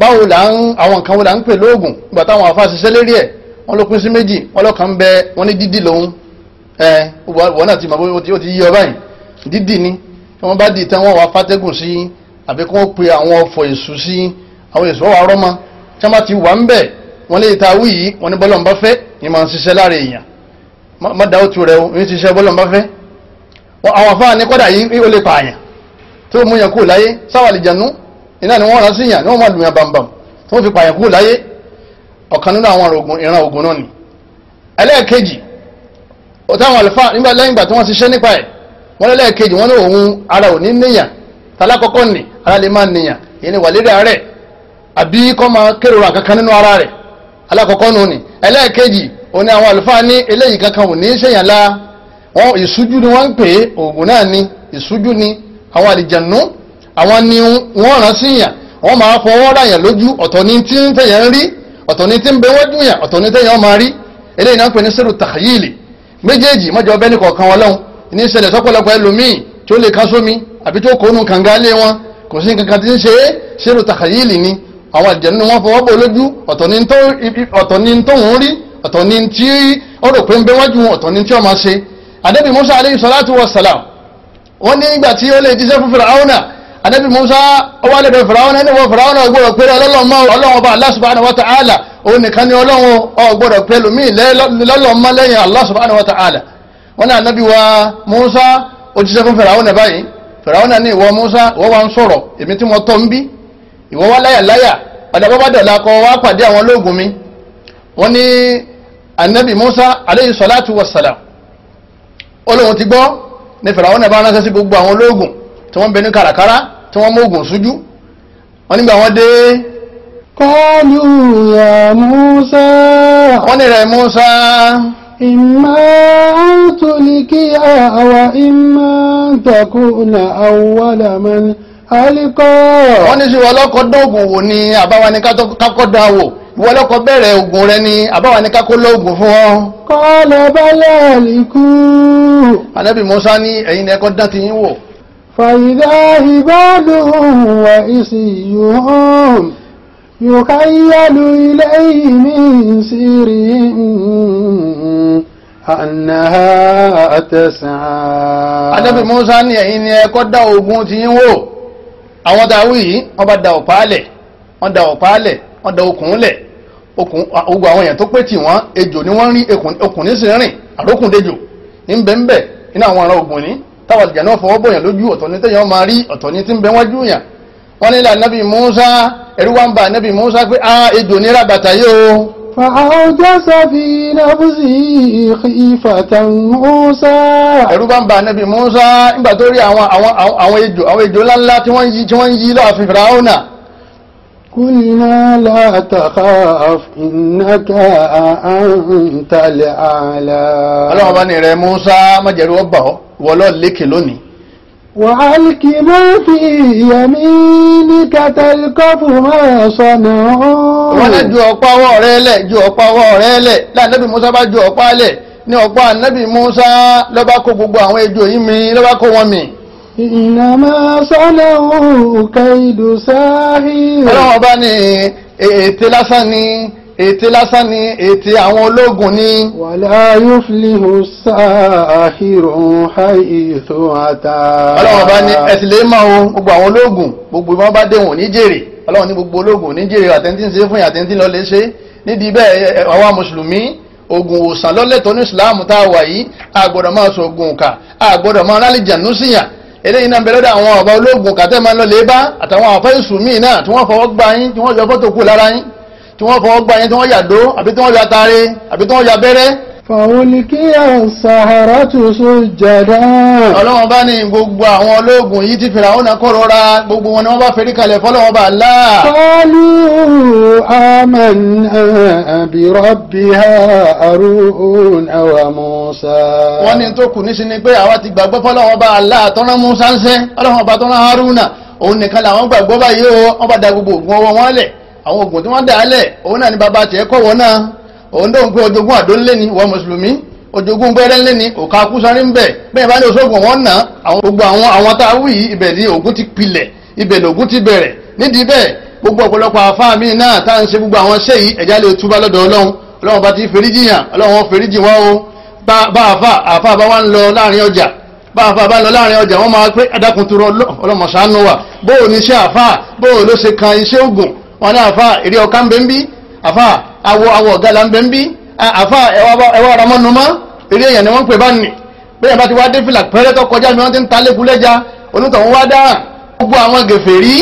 báwo nǹkan wo là ń pè lóògùn nígbà wọ́n ló pín sí méjì wọ́n lọ́kàn ń bẹ wọ́n ní dídì lòun ẹ wọ́n náà ti mọ̀ bóyá ó ti yí ọ báyìí dídì ni tí wọ́n bá dì tán wọ́n wá fátẹ́gùn sí àbí kí wọ́n pe àwọn ọ̀fọ̀ èṣù sí àwọn èṣù wà rọ́mọ tí wọ́n bá ti wà ń bẹ̀ wọ́n lè ta awí yìí wọ́n ní bọ́lọ̀ ń bá fẹ́ ni máa ń ṣiṣẹ́ láre èèyàn má da òtù rẹ o ní ṣiṣẹ́ bọ́lọ̀ ń bá fẹ́ àwọn afáà ní kọ́dà yìí ó lè pààyàn tí ó mú yẹn kúrò láyé sáwàlì jànú iná ni wọ́n rán síyàn ni wọ́n máa lùyàn bàǹbàǹ tí wọ́n fi pààyàn kúrò láyé ọ̀kan nínú àwọn ìran ogun náà ni ẹlẹ́ẹ̀kejì ọ̀táwọn àlùfáà nígbà lẹ́yìn ìgbà tí wọ́n ti nípa ẹ̀ wọ́n lẹ́lẹ́ẹ̀kejì wọ́n ní òun ara ò ní níyàn tàlákọ́kọ́ nì ara lè máa níyàn èyí ni wà lédè ààrẹ àbí kọ́ máa kérora kankan nínú ara rẹ̀ alákọ̀ọ́kọ́ nù ni ẹlẹ́ẹ̀kejì òun ni àwọn àlùfáà ní eléyìí kankan ò ní í ṣèyàn la wọn ìṣújú ni wọ́n ń pè é oògùn náà ni ìṣújú ni àwọn àlìjànú àwọn ni wọ́n rán síyàn wọ́n máa fọwọ́ ráyàn lójú ọ̀tọ̀ ni tí ń tẹ̀yàn rí ọ̀tọ̀ ní tí ń bẹ wájú yàn ọ̀tọ̀ ní tẹ́yàn máa rí eléyìí náà ń pè ní sẹ́rù tàkàyìlì méjèèjì mọ́jọ bẹ́ẹ̀ nìkọ̀ọ̀kan wọn lọ́hùn ní ìṣẹ̀lẹ̀ sọ́pọ̀lọpọ̀ ẹlòmíì tí ó lè kan sómi àbí tó kónú kànga lé wọn kò sí kankan tí ń ṣe é sẹ́rù tàkàyìlì ni àwọn àjẹ̀nú ni wọ́n fọwọ́ bò lójú ọ̀tọ̀ ní tóun rí ọ̀tọ̀ ní tí ó rò pé ń bẹ wájú ọ̀tọ̀ ní tí ó wa salam wọ́n ní ìgbà tí ó lè anabi musa ọwọ́ alẹ́bẹ̀ fìràwọn ẹni wọ fìràwọn ọgbọ́dọ̀ pẹ́rẹ́ ọlọ́lọ́mọ ọlọ́wọ́n bá Allah subhanahu wa ta'ala òun nìkan ni ọlọ́wọ́n ọgbọ́dọ̀ pẹ́lú mí lọ́lọ́mọ lẹ́yìn Allah subhanahu wa ta'ala wọn náà anabi wa musa òjíṣẹ́ fún fìràwọn ẹ̀ báyìí fìràwọn ní ìwọ musa ìwọ wa ń sọ̀rọ̀ èmi tí mo tọ́ ń bí ìwọ wa láyà láyà padà bọ́ bá dọ̀la kọ wá pàdé àwọn ológun mi wọn ní anabi musa aleyhi salatu wa salam olóhun ti gbọ́ ní fìràwọn ẹ̀ bá ránṣẹ́ sí gbogbo àwọn ológun tí wọ́n bẹ ní kàràkàrà tí wọ́n mú oògùn sójú wọ́n nígbà wọ́n dé. kọ́lù ya wọ́n ní rẹ̀ Musa. imma an tulkiya wa imma an takuna awwala man alqa. wọ́n ní sí ọlọ́kọ̀ dọ́gùn wò ní àbáwá ní kákọ́ dá wò bẹ̀rẹ̀ ogun rẹ ni àbáwa ní kákó lóògùn fún ọ. kọ́lẹ̀ bá lẹ́ẹ̀lì kú. ànábì Musa ní ẹ̀yin ẹ̀kọ́ dá ti yín wò وإذا هبالهم وإسيهم يخيل إليه من سيرهم أنها تسعى Ànábì Mùsá ní ẹ̀yin ni ẹ kọ́ dá ogun tí yín wò àwọn dàwí yìí wọ́n bá da da da ogun àwọn èèyàn tó pé tì ejò ni wọ́n rí okun ní sí rìn dejò ní bẹ́ńbẹ́ nínú àwọn ará ogun ni táwọn àlìjànú fọwọ́ bòyàn lójú ọ̀tọ̀ ní tẹ̀yàn máa rí ọ̀tọ̀ ní ti ń bẹ wájú yàn wọ́n nílà nábì Musa ẹ̀rú wa ń ba nábì Musa pé a ah, ejò ní rabata yìí o. fàájọ́sà fi nàbùsì ìfàtàn Musa. ẹ̀rú wa ń ba nábì Musa nígbà tó rí àwọn ejò ńláńlá tí wọ́n ń yí láàfin Fìràwọ́nà قلنا لا تخاف إنك أنت الأعلى ọlọ́run bá ní rẹ Musa májẹ̀rú ọba ọ wọ lọ lékè lónìí. وألق ما في يمينك تلقف ما صنعوا. wọ́n lè ju ọ̀pá ọwọ́ rẹ lẹ̀ ju ọ̀pá ọwọ́ rẹ lẹ̀ láàbí Musa bá ju ọ̀pá lẹ̀ ní ọ̀pá ànábì Musa ló bá kó gbogbo àwọn ejò yìí mi ló bá kó wọn mì. إنما صنعوا كيد ساحر ọlọ́wọ́ bá ní ètè lásán ni ètè lásán ni ètè àwọn ológun ni. wàlá yuflihu sáàhìrò haythu àtà. ọlọ́wọ́ bá ní ẹ̀sìn lè máa wo gbogbo àwọn ológun gbogbo ìbọn bá déwọ̀n ní jèrè ọlọ́wọ́ ní gbogbo ológun ní jèrè àtẹ̀ntì ń ṣe fún àtẹ̀ntì lọ ṣe nídìí bẹ́ẹ̀ àwa mùsùlùmí ogun òsàn lọ́lẹ̀ tó ní ìsìláàmù tá a wà yìí àgbọ̀dọ̀ máa sọ ogun òkà àgbọ̀dọ̀ máa rálì jàǹdùsíyàn eléyìí náà bẹ̀rẹ̀ dà àwọn ọba ológun kàtẹ́ máa ń lọ lébá àtàwọn àfẹ́ ìṣù míì náà tí wọ́n fọwọ́ gbá yín tí wọ́n yọ fọ́tò kù lára yín tí wọ́n fọwọ́ gbá yín tí wọ́n yàdó àbí tí wọ́n yàtare àbí tí wọ́n yàbẹ́rẹ́ fàwọnìkíyà sàhárátù sójàdá. ọlọ́wọ́n bá ní gbogbo àwọn ológun yìí ti fìrà ó kó rọra gbogbo wọn ni wọ́n bá fẹ́rí kalẹ̀ fọ́lọ́wọ́n bá là. kọ́lù àmàna àbírọ́bì ha àrùn àwà Musa. wọ́n ní tó kù ni pé àwa ti gbàgbọ́ fọlọ́wọ́n bá là tọ́nà Musa ń sẹ́ ọlọ́wọ́n bá tọ́nà Haruna òun dóhùn pé ojogún àdó ńlé ni ìwọ mùsùlùmí ojogún gbẹ́rẹ́ ńlé ni òkà akúsáré ń bẹ̀ bẹ́ẹ̀ bá ní oṣogun wọn nà gbogbo àwọn àwọn tá a wù yìí ibẹ̀ ni ògùn ti pilẹ̀ ibẹ̀ lògùn ti bẹ̀rẹ̀ nídìí bẹ́ẹ̀ gbogbo ọ̀pọ̀lọpọ̀ àfáà mi náà tá à ń ṣe gbogbo àwọn ṣe yìí ẹ̀já lè túbá lọ́dọ̀ ọlọ́run ọlọ́run bá ti fèríjì yàn ọlọ́run fèríjì wá o bá àfáà àfáà bá wà ń lọ láàrin ọjà bá àfáà bá ń lọ láàrin ọjà wọ́n máa pé ẹ̀dákun tó rọ ọlọ́mọ ṣàánú wa bóò ní iṣẹ́ àfáà bóò ló ṣe kan iṣẹ́ ògùn wọn ní àfáà èrè ọ̀ká ń ń bí àfáà àwọ̀ àwọ̀ ọ̀gá là ń bẹ ń bí àfa ẹwà ọ̀rọ̀ mọ́nu mọ́ eré èèyàn ni wọ́n pè bá nì bẹ́ẹ̀ bá ti wá dé fìlà pẹ́rẹ́ tó kọjá mi wọ́n ti ń ta lẹ́kùn lẹ́ja wá dáhà gbogbo àwọn gèfèrí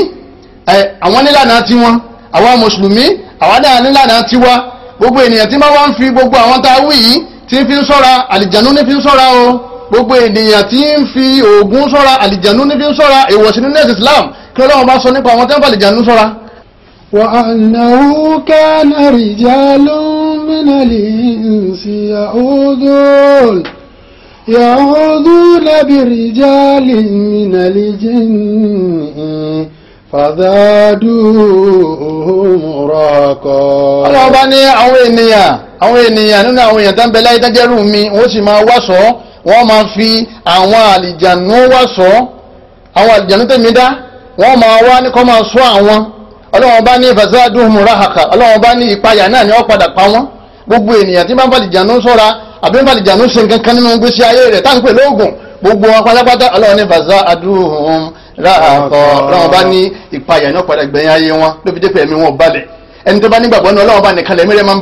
àwọn nílànà tiwọn àwọn mùsùlùmí àwọn nílànà tiwa gbogbo ènìyàn tí wọ́n wá ń fi gbogbo àwọn tá a wí yìí tí ń fi ń ṣọ́ra àlìjànú ní fi ń ṣọ́ra o gbogbo ènìyàn tí ń fi oògùn ṣọ́ra àlìjànú ní fi ń ṣọ́ra ìwọ̀sìn nínú ẹ̀sìn Islam kí Ọlọ́run bá sọ nípa àwọn tẹ́ńpà àlìjànú ṣọ́ra وأنه كان رجال من الإنس يعوذون يعوذون برجال من الجن فزادوهم رهقا ọlọ́ọ̀bá ní àwọn ènìyàn àwọn ènìyàn nínú àwọn èèyàn tó ń bẹ láyé tẹ́jẹ́rù mi wọ́n sì máa wàṣọ wọ́n máa fi àwọn àlìjànú wàṣọ àwọn àlìjànú tèmi dá wọ́n máa wá ní kó máa ṣọ́ àwọn ọlọ́wọ́n bá ní fasaduhum rahaka ọlọ́wọ́n bá ní ìpayà náà ni wọ́n padà pa wọ́n gbogbo ènìyàn tí bá ń falìjànú sọ́ra àbí ń falìjànú ṣe nǹkan kan nínú gbèsè ayé rẹ̀ tá à lóògùn gbogbo wọn pátápátá ọlọ́wọ́n ní fasaduhum rahaka ọlọ́wọ́n bá ní ìpayà náà padà gbẹ̀yìn ayé wọn ló dé pẹ̀lú wọn balẹ̀ ẹni tó bá nígbàgbọ́ náà ọlọ́wọ́n bá nìkan lẹ́mí rẹ̀ máa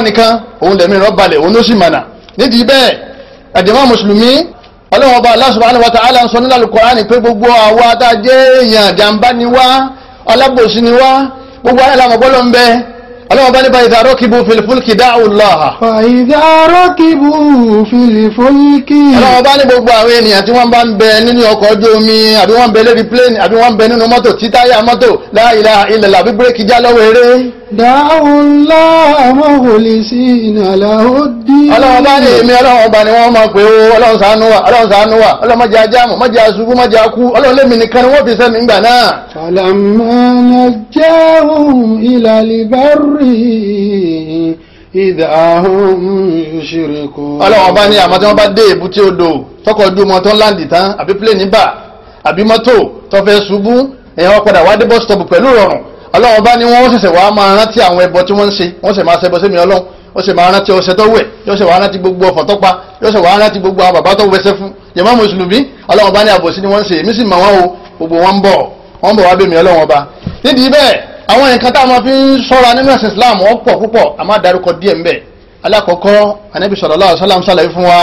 ń balẹ̀ nídìí bẹ́ẹ̀ ẹ̀dẹ̀mọ́ mùsùlùmí ọlọ́wọ́n ọba Allah subhanahu wa ta'ala ń sọ nínú Al-Qur'ani pé gbogbo àwa tá a jẹ́ èèyàn jàǹbá ni wá ọlábòsí ni wá gbogbo ayé làwọn bọ́lọ̀ ń bẹ ọlọ́wọ́n bá nípa idha rakibu fil fulki da'u Allaha. idha rakibu fil fulki. ọlọ́wọ́n bá ní gbogbo àwọn ènìyàn tí wọ́n bá ń bẹ nínú ọkọ̀ ojú omi àbí wọ́n ń bẹ lórí pléènì àbí wọ́n ń bẹ nínú mọ́tò títáyà mọ́tò la ilaha illallah àbí bírèkì já lọ́wọ́ eré dáhùn láà mọ́hùlì sí ìnàlá ó dí. ọlọ́run bá ní èmi ọlọ́run ọba ni wọ́n máa pè ó ọlọ́run ṣàánú wa ọlọ́run ṣàánú wa ọlọ́run má jẹ́ ajá mọ̀ má jẹ́ aṣubú má jẹ́ akú ọlọ́run lèmi nìkan ni wọ́n fi sẹ́ni ńgbà náà. falamma najjahum ilal barri ìdáhùn ìṣirikú. ọlọ́run ọba ní àmọ́ tí wọ́n bá dé èbúté odò tọkọ̀ ojú ọmọ tó ń láǹdì tán àbí pílẹ̀ ọlọ́run bá ní wọ́n ṣẹ̀ṣẹ̀ wàá máa rántí àwọn ẹbọ tí wọ́n ń ṣe wọ́n ṣẹ̀ máa ṣẹbọ sẹ́mi ọlọ́run ó ṣẹ̀ máa rántí ọṣẹ tó wẹ̀ yóò ṣẹ̀ wàá rántí gbogbo ọ̀fọ̀ tó pa yóò ṣẹ̀ wàá rántí gbogbo àwọn bàbá tó wẹsẹ̀ fún jẹ̀mọ́ mùsùlùmí ọlọ́run bá ní àbòsí ni wọ́n ń ṣe èmi sì mọ̀ wọ́n o gbogbo wọn ń bọ̀ wọ́n ń bọ̀ wá bèmí ọlọ́run ọba nídìí bẹ́ẹ̀ àwọn nǹkan tá a máa fi ń ṣọ́ra nínú ẹ̀sìn Islam wọ́n pọ̀ púpọ̀ a máa darúkọ díẹ̀ ńbẹ̀ alákọ̀ọ́kọ́ anabi sallallahu alaihi wasallam ṣàlàyé fún wa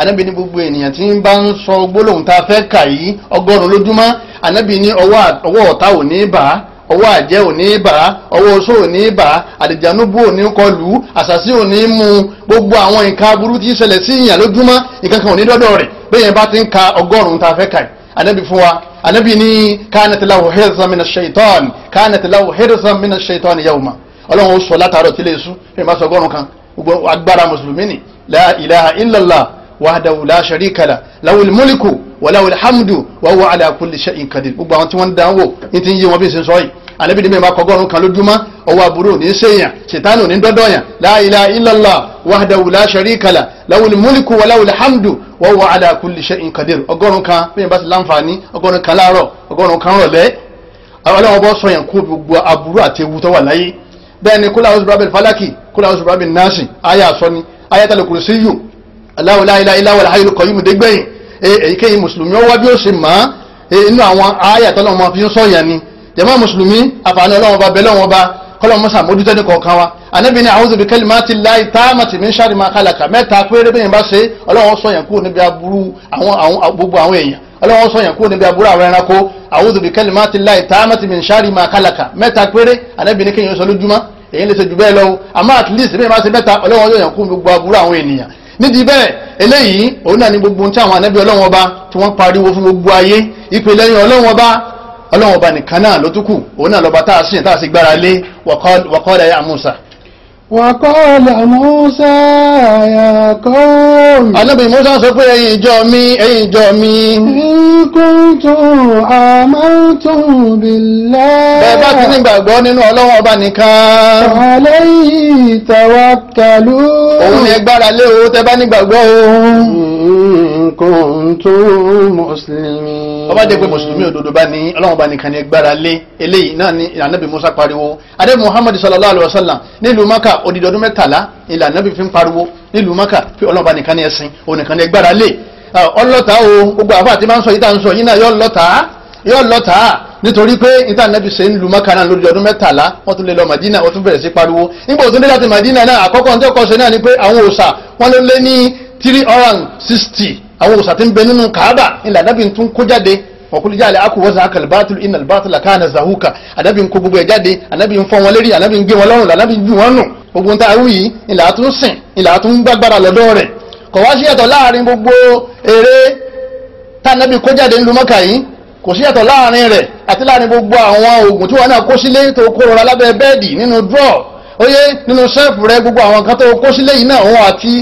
anabi ní gbogbo ènìyàn tí ń bá ń sọ gbólóhùn tá a fẹ́ kà yìí ọgọ́rùn-ún lójúmọ́ anabi ní ọwọ́ ọ̀tá ò ní bà ọwọ́ àjẹ́ òní bà ọwọ́ oṣó òní bà àdìjànúbù òní kọlù àṣàṣì òní mu gbogbo àwọn nǹkan aburú tí ń ṣẹlẹ̀ sí ìyàn lójúmọ́ nǹkan kan òní dọ́dọ̀ rẹ̀ bẹ́ẹ̀ yẹn bá ti ń ka ọgọ́rùn-ún tá a fẹ́ kà yìí anabi fún wa anabi ní kánatiláwò hẹ́rẹ́sán mi na ṣèitán kánatiláwò hẹ́rẹ́sán mi na ọlọ́run ó sọ látàárọ̀ tí wahdahu la sharika la lahul mulku wa lahul hamdu wa huwa ala kulli shay'in qadir gbogbo àwọn tí wọ́n ń dán wò ní ti ń yé wọn bí ṣe ń sọ yìí alẹ́bìnrin mi máa kọgọ́rùn kan lójúmọ́ ọwọ́ àbúrò ní sèyàn ṣètánù ní dọ́dọ̀yàn la ilaha illallah wahdahu la sharika la lahul mulku wa lahul hamdu wa huwa ala kulli shay'in qadir ọgọ́rùn kan bẹ́ẹ̀ bá ti láǹfààní ọgọ́rùn kan láàárọ̀ ọgọ́rùn kan rọ̀lẹ́ ọlọ́wọ́ bọ́ sọ yẹn gbogbo aburú àti ewu tó wà láyé bẹ́ẹ̀ ni kúláwọ́sì bírábìlì fálákì kúláwọ́sì bírábìlì náàsì ayé àsọ ni ayé tàlẹ́kùrù sí yù Allahu la ilaha illa huwal hayyul qayyum dégbẹ̀yìn èyíkéyìí mùsùlùmí ọwọ́ bí ó ṣe mọ́ inú fi ń sọ̀yàn ni jàmá mùsùlùmí ba bẹ́lẹ̀ ba kọ́lọ́ mọ́sà mójútó ní wa anábì ní bi kalimati llahi tammati min sharri ma khalaqa mẹ́ta péré bẹ́yìn bá ṣe ọlọ́wọ́n sọ̀yàn kúrò níbi aburú gbogbo àwọn èèyàn ọlọ́wọ́n sọ̀yàn kúrò níbi aburú ẹranko a'udhu bi kalimati llahi tammati min sharri ma khalaqa mẹ́ta péré anábì ní kéèyàn sọ lójúmọ́ èyí lè ṣe jù bẹ́ẹ̀ lọ àmọ́ at least bẹ́ẹ̀ bá ṣe mẹ́ta ọlọ́wọ́n yóò yàn kúrò gbogbo aburú àwọn ènìyàn nídìí bẹ́ẹ̀ eléyìí òun náà ní gbogbo tí àwọn anábì ọlọ́wọ́n ọba tí wọ́n pariwo fún gbogbo ayé ìpè lẹ́yìn ọlọ́wọ́n ọba ọlọ́wọ́n ọba nìkan náà ló túkù òun náà lọ́ba tá a sìn tá a sì gbára lé wàkọ́ọ̀dà yá Musa. wàkọ́ọ̀dà Musa yà kọ́. anábì Musa sọ pé ẹ̀yin ìjọ mi ẹ̀yin ìjọ mi. كنتم آمنتم بالله bẹ́ẹ̀ bá ti ní gbàgbọ́ nínú ọlọ́wọ́n ọba nìkan. alayhi tawakkalu. òun ni ẹ gbára lé o tẹ́ bá ní gbàgbọ́ o. كنتم مسلمين. ọba jẹ́ pé mùsùlùmí òdodo bá ní ọlọ́wọ́n ọba nìkan ni ẹ lé eléyìí náà ni ànábì musa pariwo adé muhammad sallallahu alayhi wa sallam nílùú maka odidi ọdún mẹ́tàlá ìlànà bí fi ń pariwo nílùú maka fi ọlọ́wọ́n ọba nìkan ni ẹ òun nìkan ni ẹ lé ọlọ́ta o gbogbo àfa àti máa ń sọ ìta ń sọ yín náà yọ lọ́ta yọ lọ́ta nítorí pé níta nẹ́bí ṣe ń lu mọ́kànnà lórí ọdún mẹ́tàlá wọ́n tún lè lọ Madina wọ́n tún bẹ̀rẹ̀ sí pariwo nígbà òtún dé láti Madina náà àkọ́kọ́ ní ọkọ̀ ṣe náà ni pé àwọn òòṣà wọ́n ló lé ní three hundred and sixty àwọn òòṣà ti ń bẹ nínú Kaaba ilẹ̀ anábì tún kó jáde ọkùnrin jáde akọwọ́sà akàlbátìlú iná albátìlá káàna zahuka anábì ń kó gbogbo ẹ̀ jáde anábì ń fọ́ wọn lérí anábì ń gbé wọn lọ́rùn anábì ń jù wọn nù gbogbo ń ta awúyí ilẹ̀ àtúnṣìn ilẹ̀ àtúngbàgbára lọ́dọ̀ rẹ̀ kò wá sí yàtọ̀ láàrin gbogbo eré tánàbí kó jáde nílùú mọ́kà yìí kò sí yàtọ̀ láàrin rẹ̀ àti láàrin gbogbo àwọn oògùn tí wọ́n náà kó sílé tó kó rọra lábẹ́ bẹ́ẹ̀dì nínú draw oyé nínú sẹ́ẹ̀fù rẹ gbogbo àwọn kan tó kó sílé yìí náà òun àti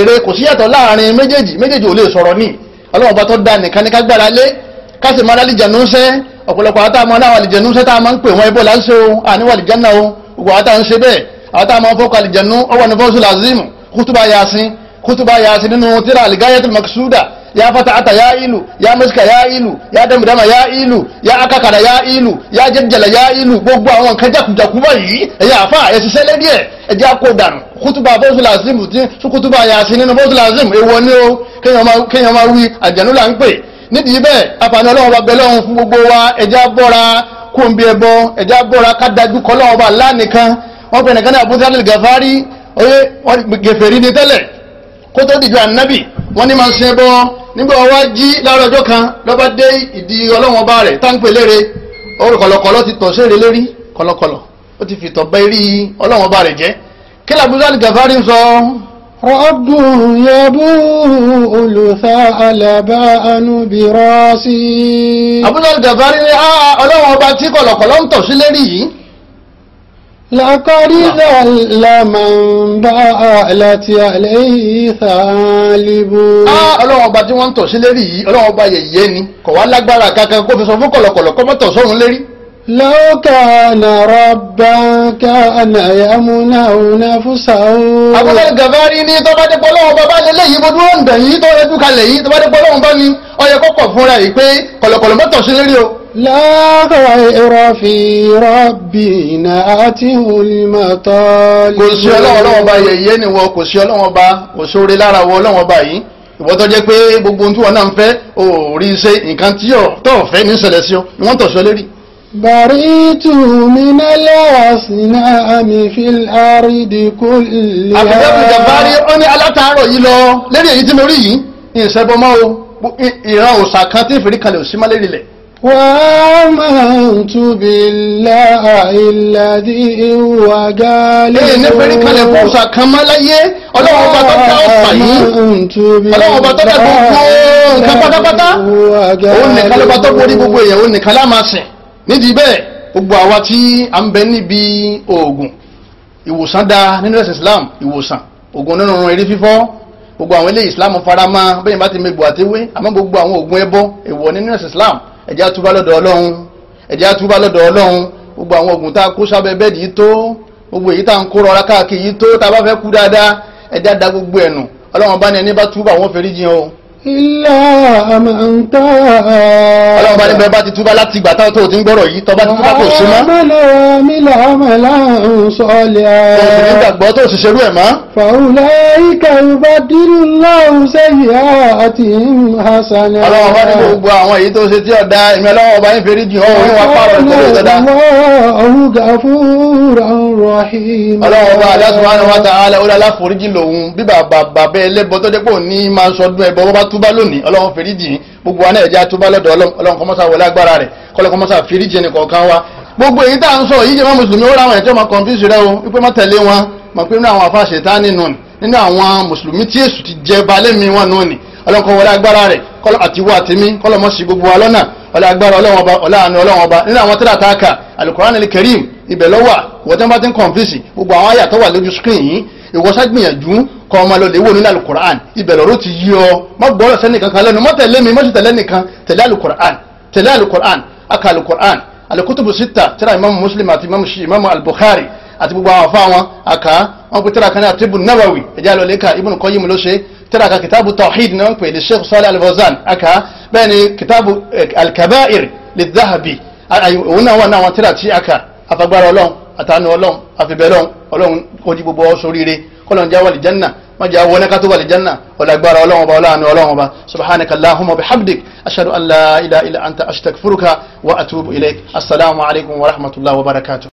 eré kò sí yàtọ̀ láàrin méjèèjì méjèèjì ò lè sọ̀rọ̀ ní ọlọ́wọ́n bá tó da nìkan ní ká gbára lé ká sì máa lálẹ́ jẹ̀núṣẹ́ ọ̀pọ̀lọpọ̀ àwọn táwọn náà àlìjẹ̀núṣẹ́ táwọn máa ń pè wọ́n ẹbọ láńṣẹ́ kútùbà yà sí nínú tíra aligayatul maksuda ya fata'ata ya ilu ya muska ya ilu ya damdama ya ilu ya akakara ya ilu ya jẹjẹlẹ ya ilu gbogbo àwọn nǹkan jákujàku báyìí ẹ̀yà àfa ẹ̀ ṣiṣẹ́ lẹ́dí ẹ̀ ẹ̀jẹ̀ akọ̀dànù kútùbà bọ́sùlù azimu tí kútùbà yà sí nínú bọ́sùlù azimu èèwọ̀ ni ó kéèyàn máa wí àjẹnú là ń pè nídìí bẹ́ẹ̀ àfààní ọlọ́run bá bẹ lọ́run fún gbogbo wa ẹ̀jẹ̀ abọ́ra kóńbi ẹbọ ẹ̀jẹ̀ abọ́ra kádájú kọ́ lọ́run bá lánìkan wọ́n pè nìkan ní Abu Dharr al-Ghifari oyè gèfèrí ni tele kó tó dìjọ ànábì wọ́n ní máa ń sin ẹbọ nígbà wá jí láàárọ̀ ọjọ́ kan lọ́ba dé ìdí ọlọ́wọ́n bá rẹ̀ táǹpẹ̀ lére orí kọ̀lọ̀kọ̀lọ̀ ti tọ̀ séèrè lérí kọ̀lọ̀kọ̀lọ̀ ó ti fìtọ̀ bẹ́ rí ọlọ́wọ́n bá rẹ̀ jẹ́ kí làbúzá ni gàfárí ń sọ. rọ́ọ̀dù yẹ̀bù olùfẹ́ àlàbà ànú bí rọ́ọ̀sì. àbúzá ni ni ọlọ́wọ́n ọba tí kọ̀lọ̀kọ̀lọ̀ ń tọ̀ sí lérí yìí لقد ذل من ضالت عليه ثالب. ọlọ́wọ́ ọba tí wọ́n ń tọ̀ sí lérí yìí ọlọ́wọ́ ọba yẹ̀yẹ́ ni kò wá lágbára kankan kó fi sọ fún kọ̀lọ̀kọ̀lọ̀ kó mọ́tò sọ́run lérí. لو كان ربا كان يمنعون فسعون. àbúrò gàbárí ni tó bá dé pọ́lọ́wọ́ bàbá lélẹ̀ yìí mo dúró ń bẹ̀ yìí tó rẹ̀ dúkalẹ̀ yìí tó bá dé pọ́lọ́wọ́ bá mi ó yẹ kó kọ̀ fúnra yìí pé kọ̀lọ̀kọ̀lọ̀ mọ́tò sí lérí o. لا غير في ربنا أته المطال. kò sí ọlọ́wọ́ ọlọ́wọ́ bá yẹ̀yẹ́ ni wọ́n kò sí ọlọ́wọ́ bá kò sóore lára wọ ọlọ́wọ́ bá yìí ìwọ́n tó jẹ́ pé gbogbo ohun tí wọ́n náà ń fẹ́ ò rí ṣe nǹkan tí tó fẹ́ ní ṣẹlẹ̀ sí ọ ni wọ́n tọ̀sọ́ lérí. bàrítù mi náà lẹ́wàsínà àmì fílárìdì kò lè. àbújáde jàbárí ó ní alátàárọ̀ yìí lọ lérí èyí tí mo rí yìí ìṣẹ́bọmọ́ o ìran òòṣà kan tí ìfèrí kalẹ̀ òsínmá lérí lẹ̀. وآمنت بالله الذي هو قال ẹ ní pẹ̀lú kalẹ̀ fún ọ̀sà kan má láyé ọlọ́run ọba tó dá ọ̀sà yìí ọlọ́run ọba tó dá gbogbo nǹkan pátápátá òun nìkan ló bá tó borí gbogbo èèyàn òun nìkan lá máa sìn nídìí bẹ́ẹ̀ gbogbo àwa tí à ń bẹ níbi oògùn ìwòsàn Islam ìwòsàn oògùn nínú eré fífọ́ gbogbo àwọn ilé Islam faramá bẹ́ẹ̀ bá ti mẹ́gbọ̀ àtiwé àmọ́ gbogbo àwọn oògùn ẹbọ èèwọ̀ nínú ẹ̀sìn Islam ẹ̀jẹ̀ àtúbà lọ́dọ̀ ọlọ́run ẹ̀jẹ̀ àtúbà lọ́dọ̀ ọlọ́run gbogbo àwọn oògùn tá a kó sábẹ́ bẹ́ẹ̀dì yìí tó gbogbo èyí tá a ń kó rọra káàkiri yìí tó tá a bá fẹ́ kú dáadáa ẹ̀jẹ̀ àdá gbogbo ẹ̀nu ọlọ́run bá ní ẹni bá túbà wọ́n fẹ́rí o ilá àmàntà. ọlọ́run bá ní bẹ́ẹ̀ bá ti túbá láti ìgbà táwọn tó ti ń gbọ́rọ̀ yìí tọ́ba ti túbá tó ṣe mọ́. àmàlẹ́ mi là àmàlà ń sọ ọ́lẹ̀ à. ní gbàgbọ́ tó sì ṣerú ẹ̀ mọ́. fàwùlẹ̀ ìkà ìbá dínú láwùn sẹ́yìn àti hasana. ọlọ́run bá ní gbogbo àwọn èyí tó ṣe tí ọ̀dà èmi ọlọ́run ọba yín fèrè jìn ọ̀hún wa pààrọ̀ tó lè sọ̀dá. ọlọ́run bá aláṣọ wa ni wọ́n ta alẹ́ ó lálá foríjì lòun túbá lónìí ọlọ́run fèrèjì yín gbogbo wa náà ẹ̀jẹ̀ àtúbá lọ́dọ̀ ọlọ́run kọ́mọ́sá wọlé agbára rẹ̀ kọ́lọ́kọ́mọ́sá fèrèjì ẹnì kọ̀ọ̀kan wa gbogbo èyí tá à ń sọ yìí jẹ́ mọ́ mùsùlùmí ó ráwọn ẹ̀jọ́ máa kọ̀ǹfíìsì rẹ o wípé má tẹ̀lé wọn mọ̀ pé nínú àwọn àfa ṣètá nínú nínú àwọn mùsùlùmí tí èṣù ti jẹ balẹ̀ mi wọn nù ni ọlọ́run kọ́ wọlé agbára rẹ̀ àtiwọ́ àtẹ̀mí kọ́lọ́mọ́sí gbogbo wa lọ́nà ọlá agbára ọlọ́wọ́n ọba ọlá àánú ọlọ́wọ́n ọba nínú àwọn tíra táàkà alukur'an ali kareem ibẹ̀ lọ́wà ìwọ tí wọ́n bá ti ń kọ̀ǹfìsì gbogbo àwọn àyà tó wà lójú screen yìí ìwọ ságbìyànjú kọ́ ọmọ lọ léwò nínú alukur'an ibẹ̀ lọ́rọ́ ti yí ọ má gbọ́rọ̀ sẹ́nìkan kan lẹ́nu má tẹ̀lé mi má sì tẹ̀lé nìkan tẹ̀lé alukur'an tẹ̀lé alukur'an aka alukur'an alikutubu sita tíra imamu muslim àti imamu shi imamu al-bukhari àti gbogbo àwọn afáwọn aka wọn pe tíra kan ní atibu nawawi ẹ̀jẹ̀ alọ́lẹ́ka ibùn kọ́yìmù tíraka kitabu tawhid ni wọ́n pè ní sheikh salih al-fawzan aka bẹ́ẹ̀ ni kitabu al-kaba'ir lidh-dhahabi òun náà wà náà wọn tíra tí aka afagbára ọlọ́run àtànù ọlọ́run àfibẹ́lọ́run ọlọ́run kò di gbogbo ọ̀ṣọ́ rire kọ́lọ́n já wà lìjánà má já wọlé ká tó wà lìjánà ọ̀làgbára ọlọ́run ọba ọlọ́run ọlọ́run ọba subhanaka allahumma bihamdik ashhadu an la ilaha illa anta astaghfiruka wa atubu ilaik assalamu alaikum wa rahmatullahi wa barakatuh